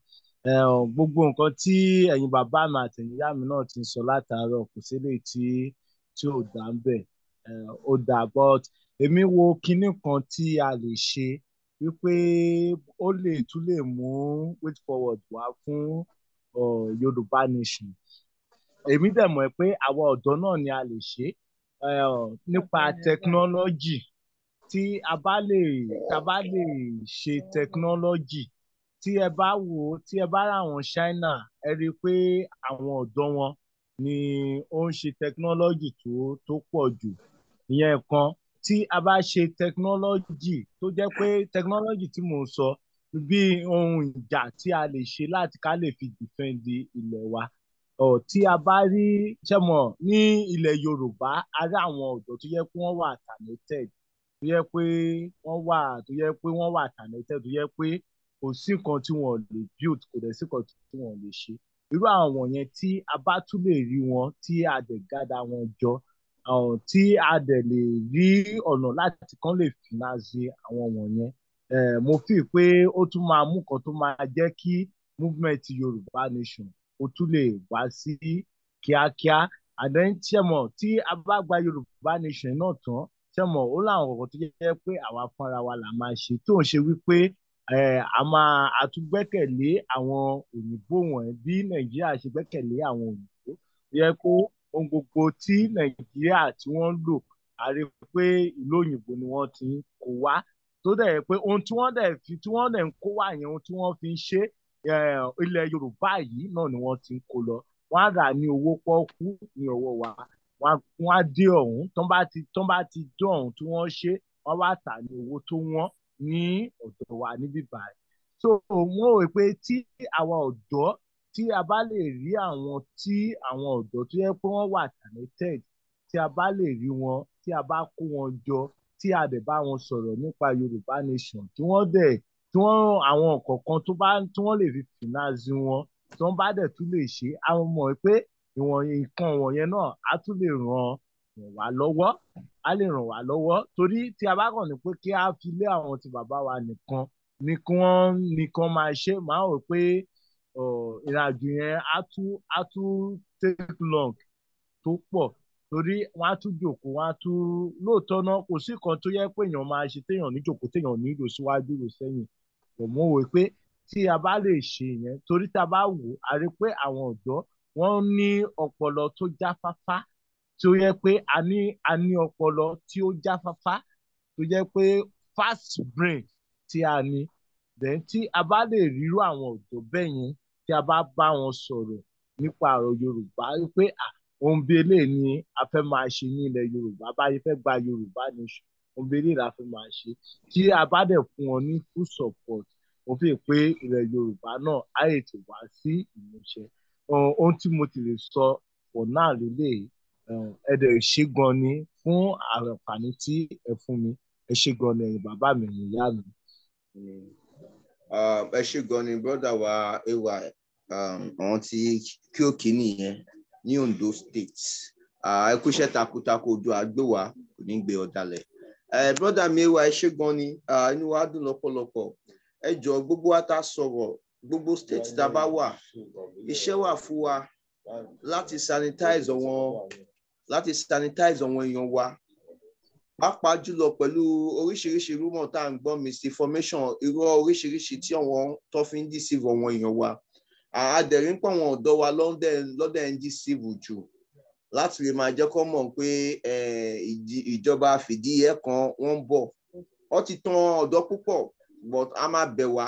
[SPEAKER 1] gbogbo nǹkan tí ẹ̀yin bàbá mi àtẹ̀yìn ìyá mi náà ti ń sọ látàárọ̀ kò sí eléyìí tí tí ò dá ń bẹ̀ ó dá but èmi wo kinní kan tí a lè ṣe wípé ó lè tún lè mú way forward wá fún Yorùbá nation èmi dẹ̀ mọ̀ pé àwa ọ̀dọ́ náà ni a lè ṣe nípa technology tí a bá lè tá a bá lè ṣe technology tí ẹ bá wò ó tí ẹ bá ráwọn China ẹ rí i pé àwọn ọ̀dọ́ wọn ni ó ń ṣe technology tó tó pọ̀ jù ìyẹn kan tí a bá ṣe technology tó jẹ́ pé technology tí mò ń sọ bí ohun ìjà tí a lè ṣe láti ká lè fi defend ilẹ̀ wa ọ̀ tí a bá rí ṣẹ́mọ̀ ní ilẹ̀ Yorùbá a rí àwọn ọ̀dọ́ tó yẹ pé wọ́n wà talented tó yẹ pé wọ́n wà tó yẹ pé wọ́n wà talented tó yẹ pé kò sí nǹkan tí wọn ò lè build kò dẹ̀ sí nǹkan tí wọn ò lè ṣe irú àwọn yẹn tí a bá tún lè rí wọn tí a dẹ̀ gádà wọn jọ tí a dẹ̀ lè rí ọ̀nà láti kàn lè fìnnazí àwọn wọ̀nyẹn eh, mo fi pé ó tún máa mú kan tó máa jẹ́ kí movement Yorùbá nation ó tún lè wá sí kíákíá àdéhùnṣẹ́mọ̀ tí a bá gba Yorùbá nation náà tán ṣẹ́mọ̀ ó láwọn ọ̀rọ̀ tó jẹ́ pé àwa fúnra wa là máa ṣe tó ń ṣe wípé a máa a tún gbẹ́kẹ̀lé àwọn òyìnbó wọ̀nyí bí nàìjíríà ṣe gbẹ́kẹ̀lé àwọn òyìnbó yẹ kó ohun gbogbo tí nàìjíríà tí wọ́n ń lò a rí pé ìlú òyìnbó ni wọ́n ti ń kó wá tó dẹ̀ yẹ pé ohun tí wọ́n dẹ̀ fi tí wọ́n dẹ̀ ń kó wá yẹn ohun tí wọ́n fi ń ṣe ilẹ̀ yorùbá yìí náà ni wọ́n ti ń kó lọ wọ́n á rà ní owó pọ́ọ́kú ní ọwọ́ wa wọ́n á dé ọ̀hún tó bá ti tó bá ti ọ̀hún tí wọ́n ṣe wọ́n wá tà ní owó tó wọ́n ní ọ̀dọ̀ wa níbí báyìí so wọ́n rò pé tí àwa ọ̀dọ́ tí a bá lè rí àwọn tí àwọn ọ̀dọ́ tó yẹ pé wọ́n wà talented tí a bá lè rí wọn tí a bá kó wọn jọ tí a dẹ̀ bá wọn sọ̀rọ̀ nípa Yorùbá nation tí wọ́n dẹ̀ tí wọ́n àwọn kọ̀ọ̀kan tó bá tí wọ́n lè fi finance wọn tí wọ́n bá dẹ̀ tún lè ṣe àwọn mọ̀ pé ìwọ̀n nǹkan wọ̀nyẹn náà á tún lè ràn ràn wá lọ́wọ́ á lè ràn wá lọ́wọ́ torí tí a bá kàn ní pé kí á fi lé àwọn ti bàbá wa nìkan ni kí wọ́n ni kí wọ́n máa ṣe máa rò pé ìrìnàjò yẹn á tún take long tó pọ̀ torí wọ́n á tún jòkó wọ́n á tún lóòótọ́ náà kò sí kan tó yẹ pé èèyàn máa ṣe téèyàn ní jòkó téèyàn ní ìrò síwájú ìrò sẹ́yìn kò mọ̀ wò pé tí a bá lè ṣe yẹn torí tá a bá wò á rí pé àwọn ọ̀dọ́ wọ́n ní ọpọlọ tó jáfáfá tí ó yẹ pé a ní a ní ọpọlọ tí ó jáfáfá tó jẹ́ pé fast brain tí a ní then tí a bá lè rírú àwọn ọ̀dọ́ bẹ́ẹ̀ yẹn tí a bá bá wọn sọ̀rọ̀ nípa ọ̀rọ̀ Yorùbá pé ohun bí eléyìí ni a fẹ́ máa ṣe ní ilẹ̀ Yorùbá báyìí fẹ́ gba Yorùbá nation ohun bí eléyìí la fẹ́ máa ṣe tí a bá dẹ̀ fún wọn ní full support mo fi pé ilẹ̀ Yorùbá náà á lè ti wá sí ìmúṣẹ ohun tí mo ti lè sọ for now lélẹ́yìí ẹ dẹ̀ ṣe gan ni fún àǹfààní tí ẹ fún mi ẹ ṣe gan ni ẹ̀yin bàbá mi ìyá mi.
[SPEAKER 2] ẹ ṣe gan ni brọ́dà wa ay àwọn tí kí ó kí nìyẹn ní Ondo State ẹ kúṣẹ́ takuntakun ojú àgbéwà kò ní gbé ọ̀dàlẹ̀ brọ́dà mi ay ẹ ṣe gan ni inú wa dùn lọ́pọ̀lọpọ̀ ẹ jọ gbogbo wa sọ̀rọ̀ gbogbo state tá a bá wà iṣẹ́ wà fún wa láti sanitize àwọn láti sanitize àwọn èèyàn wa pàápàá jùlọ pẹ̀lú oríṣiríṣi rúmọ̀ tá à ń gbọ́ misinformation irọ́ oríṣiríṣi tí àwọn tó fi ń deceive àwọn èèyàn wa àádẹ́rìn pọ̀ àwọn ọ̀dọ́ wa lọ́dẹ̀ ń deceive jù láti lè máa jẹ́ kó mọ̀ pé ìjọba fìdíhẹ kan wọ́n ń bọ̀ ó ti tan ọ̀dọ́ púpọ̀ but a máa bẹ̀ wá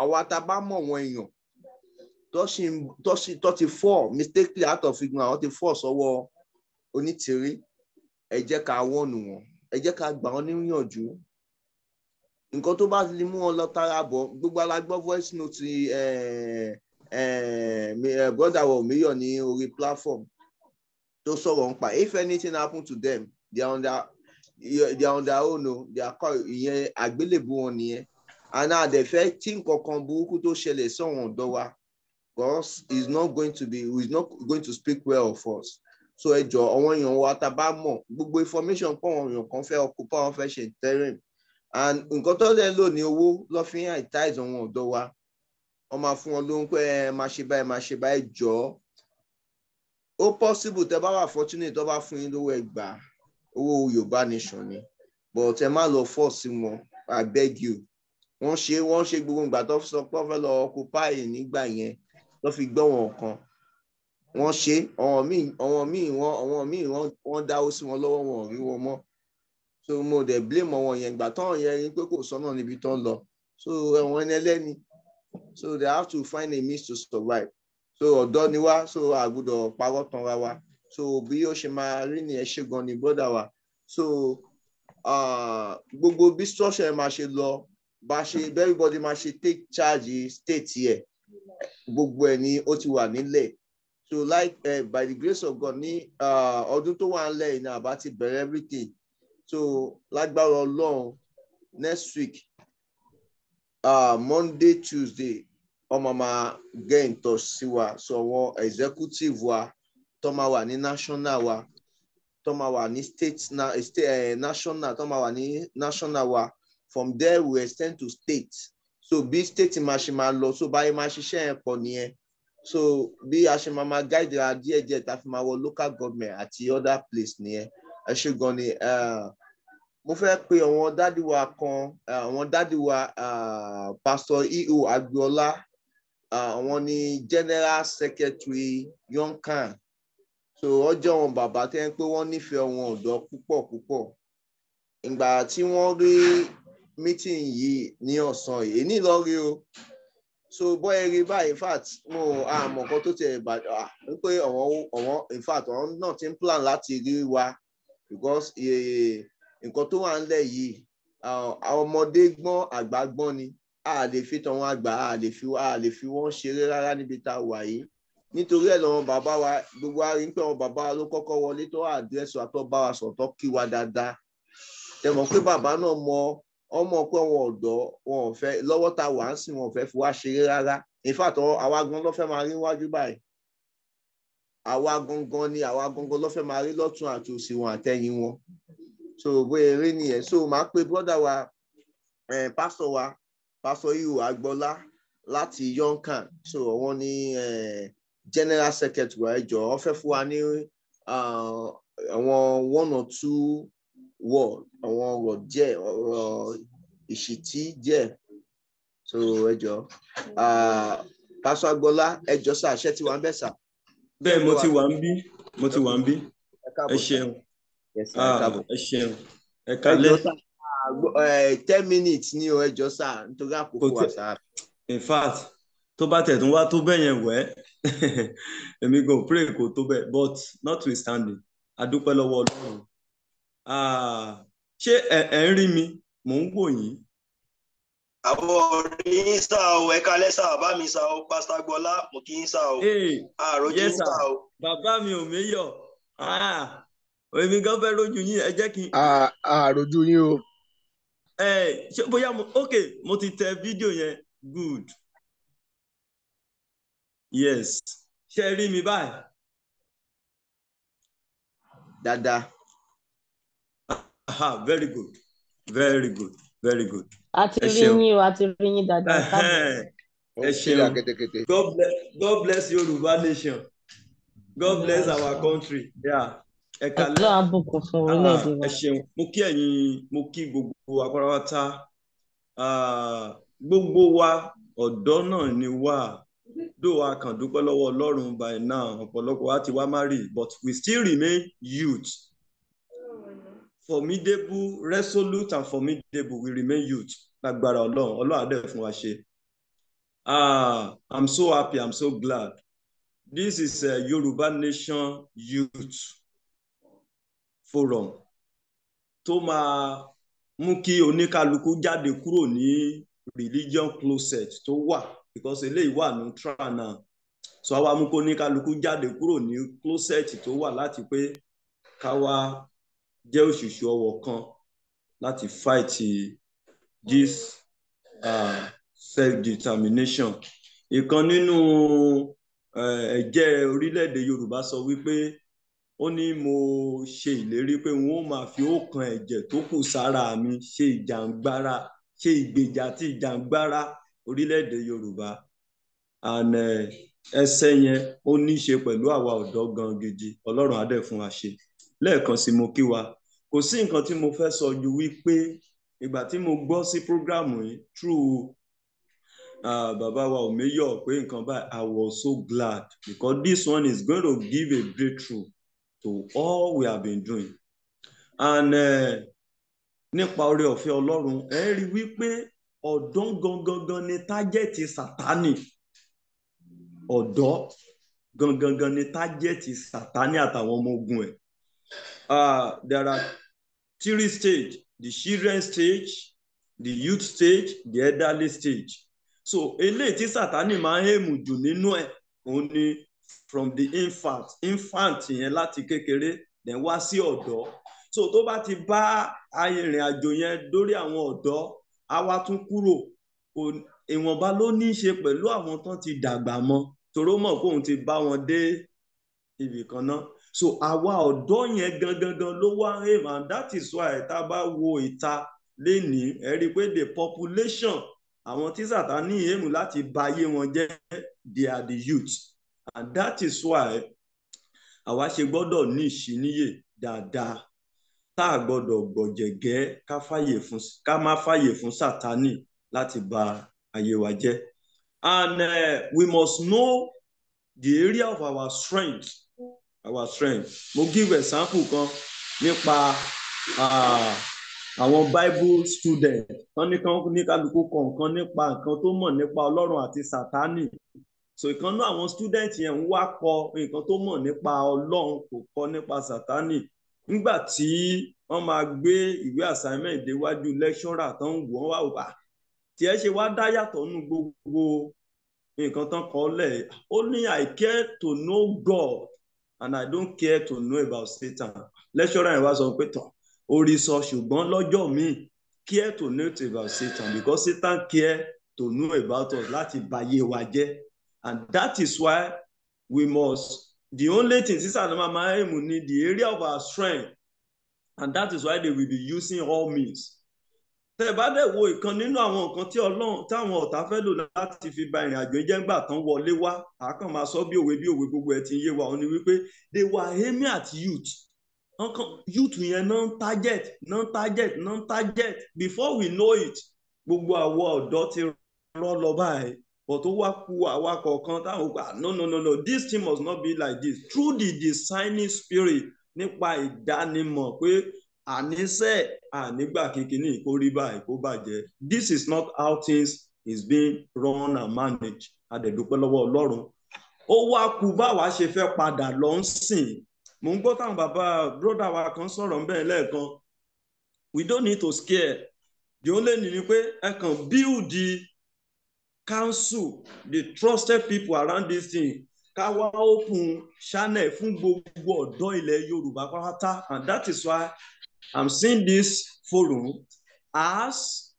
[SPEAKER 2] àwa tá a bá mọ̀ wọn èèyàn tó ti fọ́ mistakenly out of ignorance ó ti fọ́ sọ́wọ́ onítìrí ẹ jẹ́ ká wọ́nù wọn ẹ jẹ́ ká gbà wọ́n níyànjú nǹkan tó bá lè mú wọn lọ tara bọ̀ gbogbo alágbọ́ voice note brother wa omiyan ní orí platform tó sọ̀rọ̀ ń pa if anything happen to them they are under they are under own o they are called ìyẹn àgbélébù wọn nìyẹn and àdẹ̀fẹ́ tí nǹkan kan burúkú tó ṣẹlẹ̀ sọ̀wọ́n ọ̀dọ́ wa God is not going to be is not going to speak well of us. so ẹ jọ àwọn èèyàn wa tá a bá mọ̀ gbogbo information pọ̀ àwọn èèyàn kan fẹ́ ọkọ̀ pọ̀ àwọn fẹ́ ṣe interim and nǹkan tó lẹ́ lò ní owó lọ́ fi hàn àìtáìsì àwọn ọ̀dọ́ wa wọ́n máa fún wọn lóhun pé ẹ máa ṣe báyìí máa ṣe báyìí jọ ó possible tẹ bá wà fortunate tó bá fún yín lówó ẹgbà owó Yorùbá nation ni but ẹ má lọ fọ́ sí wọn I beg you wọ́n ṣe wọ́n ṣe gbogbo ìgbà tó sọ pé wọ́n fẹ́ lọ occupy nígbà yẹn lọ́ fi gbọ́ wọn kan wọ́n ṣe ọ̀wọ́n míì ọ̀wọ́n míì míì wọ́n dáwó sí wọn lọ́wọ́ wọn rí wọn mọ́ so mo dẹ̀ blame ọ̀wọ́n yẹn gbà tán yẹn rí pé kò sọ́nà níbi tán lọ so ẹ̀wọ̀n ẹni ẹlẹ́ni so they have to find a means to survive so ọ̀dọ́ ni wá so àgùdọ̀ parọ́ tán ra wa so bí ó ṣe máa rí nìyẹn ṣe gan ni bọ́dà wa so gbogbo bí structure máa ṣe lọ bá ṣe everybody máa ṣe take charge state yẹ gbogbo ẹ̀ ni ó ti wà nílẹ̀ so like uh, by the grace of God ní ah, ọdún tó wà nílẹ̀ yìí ni àbá ti bẹ̀rẹ̀ everything so lágbára ọlọ́run next week uh, Monday Tuesday ọmọ máa gé ìtọ̀ sí wa so àwọn executive wa tó máa wà ní national wa tó máa wà ní state na state uh, national tó máa wà ní national wa from there we extend to state so bí state máa ṣe máa lọ so báyìí máa ṣiṣẹ́ yẹn pọ̀ nìyẹn so bí a ṣe máa máa guide ra díẹ̀ díẹ̀ tá a fi máa wọ local government àti other place nìyẹn ẹ ṣe gan ni mo fẹ́ pe àwọn dádì wa kan àwọn dádì pastor eo agbiola àwọn ni general secretary yonkan so ọjọ́ wọn bàbá tẹ́ ń pé wọ́n nífẹ̀ẹ́ wọn ọ̀dọ́ púpọ̀ púpọ̀ ìgbà tí wọ́n rí meeting yìí ní ọ̀sán èyí ní Ìlọrin o so bọ́ rí báyìí in fact mo àmọ̀ kan tó ti ẹ̀ pé ọ̀wọ́n ọ̀wọ́n in fact ọ̀wọ́n náà ti ń plan láti rí wa because e, nǹkan tó wà ńlẹ̀ yìí ọmọdé gbọ́n àgbà gbọ́n ni a lè fi tàwọn àgbà a lè fi a lè fi wọ́n ṣeré rárá níbi tá a wà yìí nítorí ẹ̀ lọ́wọ́ bàbá wa gbogbo wa rí pé àwọn bàbá wa ló kọ́kọ́ wọlé tó àdírẹ́sì wa tó bá wa sọ̀tọ́ kí wa dáadáa tẹ̀mọ̀ pé bàbá náà mọ ọmọ pé wọn ọ̀dọ́ wọn ò fẹ́ lọ́wọ́ tá wà á sìn wọn ò fẹ́ fi wá ṣeré rárá in fact àwa gan ló fẹ́ máa rí wájú báyìí àwa gangan ni àwa gangan ló fẹ́ máa rí lọ́tún àti òsì wọn àtẹ̀yìn wọn so bóyá eré nìyẹn so màá pe brọ́dà wa eh, pásítọ̀ wa pásítọ̀ ihò agbọ́lá láti yonkan so wọn ní eh, general secretary wa ẹjọ́ ọ fún wa ní ah, àwọn one or two word àwọn ọ̀rọ̀ díẹ̀ ọ̀rọ̀ ìṣítí díẹ̀ so ẹjọ pásọ agbọlá ẹjọ sá ṣe ti wà ń bẹ sá. bẹ́ẹ̀ mo ti wà ń bí mo ti wà ń bí ẹ ṣeun ẹ
[SPEAKER 6] ṣeun ẹ kalẹ.
[SPEAKER 2] ten minutes ni o ẹjọ sá nítorí
[SPEAKER 1] àkókò wà sá.
[SPEAKER 6] in fact tó bá tẹ̀tún wá tó bẹ̀yẹn wẹ́ (laughs) èmi gan pray kó tó bẹ̀ but notwithstanding adúpẹ́ lọ́wọ́ ọlọ́run ṣé ẹ ń rí mi mò ń wò yín. àbọ̀ rí ń sá o ẹ kalẹ́ sá bá mi sá o pásítà gbọ́lá mo kì í sá o àròjì ń sá o. bàbá mi ò méyọ̀ ah, èmi gan fẹ́ rojú yín ẹ jẹ́ kí n. àròjù yín o. ẹ ṣe bóyá mo ok mo ti tẹ fídíò yẹn good yes ṣe rí mi báyìí. dáadáa aha very good very good very good.
[SPEAKER 3] a ti rí yín o a ti
[SPEAKER 6] god bless god bless yorùbá nation
[SPEAKER 1] god bless our
[SPEAKER 6] country. Yeah. ẹ kalẹ
[SPEAKER 3] ọlọ́run àbùkù fún ah, orílẹ̀-èdè
[SPEAKER 6] wa. ẹ ṣeun mo kí ẹ̀yin mo kí gbogbo apáráwátá ah, gbogbo wa ọ̀dọ́ náà ni wà dó wa kàn dúpẹ́ lọ́wọ́ ọlọ́run by now ọ̀pọ̀lọpọ̀ wa ti wá marry but we still remain youth formidable resolute and formidable will remain youth lágbára ọlọ́run ọlọ́run adé fún wa ṣe ah i'm so happy i'm so glad this is a Yoruba Nation Youth Forum tó máa mú kí oníkálukú jáde kúrò ní religion closet tó wà because eléyìí wà ní trial so àwa mú kó oníkálukú jáde kúrò ní closet tó wà láti pé ká wá jẹ́ òṣùṣù ọwọ̀ kan láti fight this uh, self-determination. ìkan nínú uh, ẹ̀jẹ́ orílẹ̀-èdè Yorùbá sọ wípé ó ní mo ṣe ìlérí pé n ó máa fi ọ̀kan ẹ̀jẹ̀ tó kù sára mi ṣe ìjàngbara ṣe ìgbèjà àti ìjàngbara orílẹ̀-èdè Yorùbá and uh, ẹsẹ̀ yẹn ó ní í ṣe pẹ̀lú àwa ọ̀dọ́ gan gidi Ọlọ́run á dẹ̀ fún wa ṣe lẹ́ẹ̀kan sí mo kí wa kò sí nǹkan tí mo fẹ́ sọ ju wípé ìgbà tí mo gbọ́ sí prógrámù yìí through uh, bàbá wa Omeyo pé nǹkan báyìí I was so glad because this one is going to give a breakthrough to all we have been doing and uh, nípa oore ọ̀fẹ́ Ọlọ́run ẹ rí i wípé ọ̀dọ́ gangan ni tájẹ́tì sátánì ọ̀dọ́ gangan ni tájẹ́tì sátánì àtàwọn ọmọ ogun ẹ̀ uh, there are three stage: the children stage, the youth stage, the elderly stage. So eléyìí tí Sátánì máa ń hèmù jù nínú ẹ̀ òun ni from the infant infant yẹn láti kékeré then wá sí ọ̀dọ́ so tó bá ti bá arìnrìn àjò yẹn dórí àwọn ọ̀dọ́ á wá tún kúrò kò ìwọ̀nba ló ní í ṣe pẹ̀lú àwọn tán ti dàgbà mọ́ toró mọ̀ kóun ti bá wọn dé ibì kan náà so àwa ọ̀dọ́ yẹn gangan ló wá aim and that is why tá a bá wo ìta lénìí ẹ rí i pé the population àwọn tí Sàtánì aim láti bayé wọn jẹ́ they are the youth and that is why àwa ṣe gbọ́dọ̀ ní ìṣíníyè dáadáa tá a gbọ́dọ̀ gbọ̀jẹ̀gẹ́ ká má fàyè fún Sàtánì láti ba ayé wa jẹ́ and uh, we must know the area of our strength our strength mo give example kan nípa àwọn bible student kan ní kan ní kálukú kọ̀ọ̀kan nípa nǹkan tó mọ̀ nípa ọlọ́run àti sátánì so ìkan náà àwọn student yẹn ń wá kọ nǹkan tó mọ̀ nípa ọlọ́run kò kọ nípa sátánì nígbà tí wọ́n máa gbé ìwé assignment déwájú lecturer tán ń wò wọ́n wá wà tí ẹ ṣe wá dá yàtọ̀ nínú gbogbo nǹkan tán kọ́ lẹ̀ ó ní I care to know God and I don't care to know about Satan lecturer yẹn wá sọ pé tán orí sọ ṣùgbọ́n lọ́jọ́ míì care to know about Satan because Satan care to know about us láti bàyè wa jẹ́ and that is why we must the only thing sister nama maemu ni the area of our strength and that is why they will be using all means tẹ́ bá dẹ̀ wo ìkan nínú àwọn nǹkan tí Ọlọ́run táwọn ọ̀tá fẹ́ lò láti fi ba ìrìn àjò jẹ́ ńgbà tán wọlé wá àákàn máa sọ bí òwe bí òwe gbogbo ẹ̀ ti yé wa òun wípé they were aiming at youth youth yẹn non target non target non target before we know it gbogbo àwọ ọ̀dọ́ ti rọ́ lọ báyìí but ó wá ku àwa kọ̀ọ̀kan táwọn gbà no no no no this thing must not be like this through the designing spirit nípa ìdánimọ̀ pé àníṣe ànígbà kíkiní kó rí báyìí kó bàjẹ́ this is not how things is being run and managed adẹ̀dúpẹ́ lọ́wọ́ ọlọ́run ó wá kú báwa ṣe fẹ́ padà lọ ń sìn mò ń gbọ́ táwọn bàbá bróda wa kan sọ̀rọ̀ ń bẹ́ẹ̀ lẹ́ẹ̀kan we don't need to scare the only thing ni pé ẹ kàn build the council the trusted people around this thing ká wá open channel fún gbogbo ọ̀dọ́ ilẹ̀ yorùbá pátá and that is why I'm seeing this forum as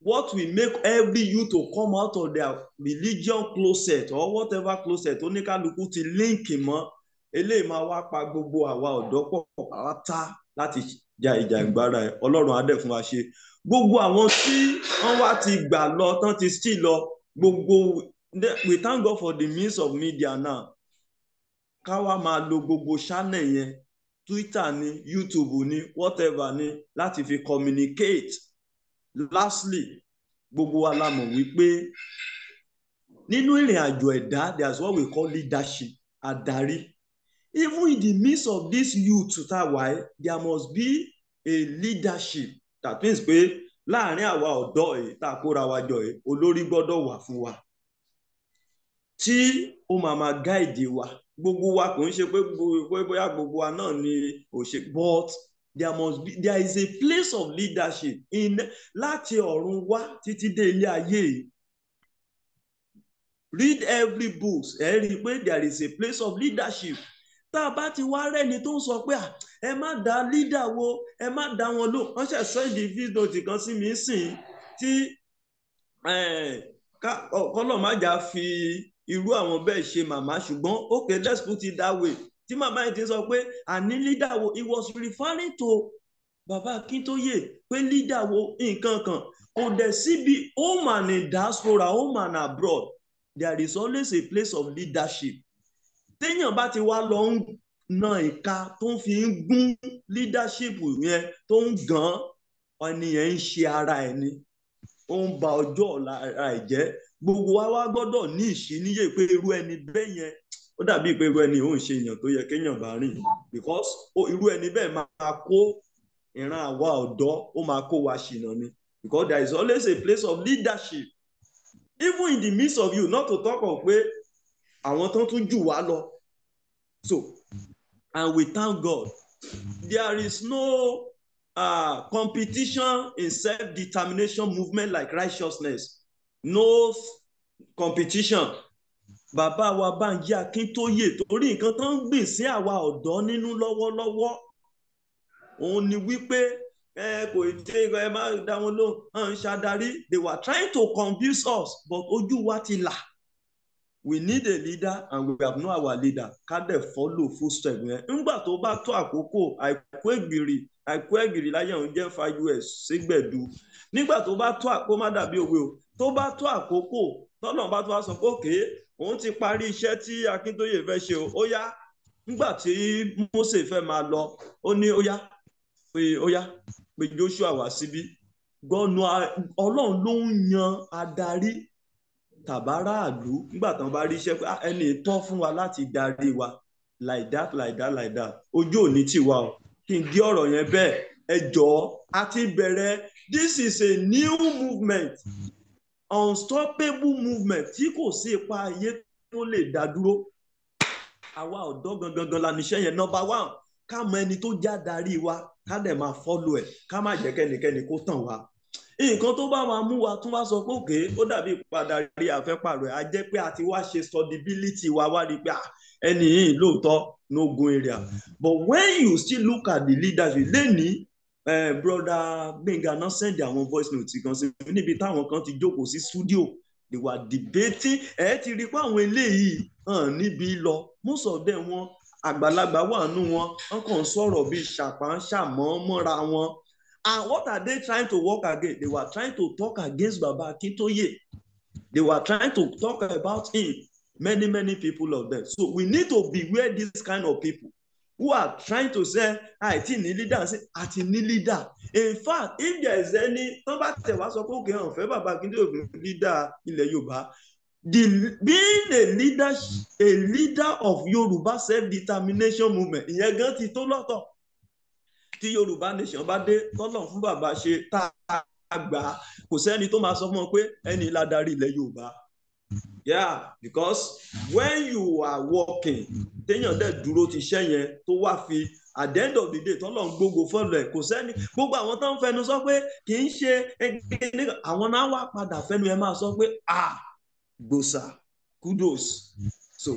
[SPEAKER 6] what we make every you to come out of their religion closet or whatever closet oníkálukú ti líǹkì mọ́ eléyìí máa wá pa gbogbo àwa ọ̀dọ́ pọ̀ pátá láti ja ìjà ìgbára ẹ̀ ọlọ́run adé fún wa ṣe gbogbo àwọn tí wọ́n wá ti gbà lọ tán ti still lọ gbogbo we thank God for the means of media now ká wá máa lo gbogbo channel yẹn twitter ni youtube ni whatever ni láti fi communicate lastly gbogbo wa la mọ̀ wípé nínú ìrìn àjò ẹ̀dá there is what we call leadership adarí even in the midst of this youth tá a there must be a leadership that means pé láàárín àwa ọ̀dọ́ ẹ̀ tá a kóra wa jọ ẹ̀ olórí gbọ́dọ̀ wà fún wa tí ó máa máa gáìdì wa gbogbo wa kò ń ṣe pé bóyá gbogbo wa náà ni ò ṣe but there must be there is a place of leadership in láti ọ̀run wá títí dé ilé ayé read every book ẹ rí i pé there is a place of leadership tá a bá ti wá rẹ́ni tó ń sọ pé ẹ má dá lídà wo ẹ má dá wọn lò wọ́n ṣe sẹ́ẹ̀dì fídíòtì kan sí mi sìn tí kọ́lọ̀ má jà fi irú àwọn bẹ́ẹ̀ ṣe màmá ṣùgbọ́n okay let's put it that way tí màmá yìí ti sọ pé àní leader wo he was referring to bàbá Akíntóyè pé leader wo nǹkan kan kò dẹ̀ síbi home and in diaspora home and abroad there is always a place of leadership téèyàn bá ti wá lọ ń na ìka tó ń fi ń gún leadership yẹn tó ń gan ẹni yẹn ń ṣe ara ẹni ó ń ba ọjọ́ ọ̀la ẹ̀ jẹ́ gbogbo wa wá gbọ́dọ̀ ní ìṣíníyè pé irú ẹni bẹ́ẹ̀ yẹn ó dàbí pé irú ẹni òun ṣe èèyàn tó yẹ kéèyàn bá rìn because irú ẹni bẹ́ẹ̀ máa kó ìran àwa ọ̀dọ́ ó máa kó wa ṣìnà ni because there is always a place of leadership even in the midst of you not to talk of pé àwọn tó tún jù wá lọ so and we thank God there is no uh, competition in self-determination movement like righteousness no competition bàbá wa Bánjí Akíntóyè torí nǹkan tó ń gbìn sí àwa ọ̀dọ́ nínú lọ́wọ́lọ́wọ́ òun ni wípé ẹ kò dé ẹ má dá wọn lóhùn hàn ṣàdarí they were trying to convince us but ojú wa ti là we need a leader and we have no our leader ká dẹ̀ follow footstep yẹn nígbà tó bá tó àkókò àìkú ẹ̀gbìrì àìkú ẹ̀gbìrì láyé òun jẹ́ five us sígbẹ̀du nígbà tó bá tó àkókò má dàbí òwe o tó bá tó àkókò tọ́nà bá tó wá sọ pé òkè òun ti parí iṣẹ́ tí Akíntóyè fẹ́ ṣe ó yá nígbà tí Mósè fẹ́ máa lọ ó ní ó yá pé ó yá pé Joshua wá síbí gbọ́nù ọlọ́run ló ń yan adarí tàbáráàlú nígbà tí wọ́n bá rí iṣẹ́ pé ah, ẹni tọ́ fún wa láti darí wa like that like that like that ojú ò ní tiwa o kí n gé ọ̀rọ̀ yẹn bẹ́ẹ̀ ẹ jọ̀ọ́ a ti bẹ̀rẹ̀ this is a new movement unstoppable movement tí kò sí ipa ayé tó lè dá dúró àwa ọ̀dọ́ gangan la níṣẹ́ yẹn number one ká mọ ẹni tó já darí wa ká dẹ̀ máa follow ẹ̀ ká má jẹ́ kẹ́nikẹ́ni kó tàn wá nǹkan tó bá máa mú wa tún wá sọ pé òkè ó dàbí ìpadà rí àfẹ́pàrọ̀ ẹ̀ á jẹ́ pé a ti wá ṣe sọdibility wa wá rí pé ah, ẹni yìí lóòótọ́ no go area but when you still look at the leadership lẹ́ni Eh, brother, gbẹ̀ngà náà send àwọn voice note kan sí níbi táwọn kan ti jókòó sí studio they were debating ẹ ti rí pé àwọn eléyìí hàn níbi lọ most of them wọn àgbàlagbà wà nù wọn wọn kàn ń sọ̀rọ̀ bíi ṣàpánṣàmọ́ mọ́ra wọn and what are they trying to work against they were trying to talk against baba akintoye they were trying to talk about him many many people of them so we need to beware this kind of people who are trying to say àìtí ní leader ṣe àti ní leader in fact if there is any tán bá tẹ̀ wá sọ pé òkè hàn fẹ́ bàbá Akíndé òfin leader ilẹ̀ Yorùbá the being a leader a leader of Yorùbá self determination movement ìyẹn gan ti tó lọ́tọ̀ tí Yorùbá nation bá dé tọ́lọ̀ fún bàbá ṣe tá a gbà kò sẹ́ni tó máa sọ fún ọ pé ẹni ládàrí ilẹ̀ Yorùbá yeah because when you are working téèyàn dẹ̀ dúró ti iṣẹ́ yẹn tó wá fi at the end of the day tọ́lọ̀ ń gbógo fọ́lọ̀ ẹ̀ kò sẹ́ni gbogbo àwọn tó ń fẹnu sọ pé kì í ṣe àwọn náà wá padà fẹnu ẹ̀ máa sọ pé ah gbòòsà kudos so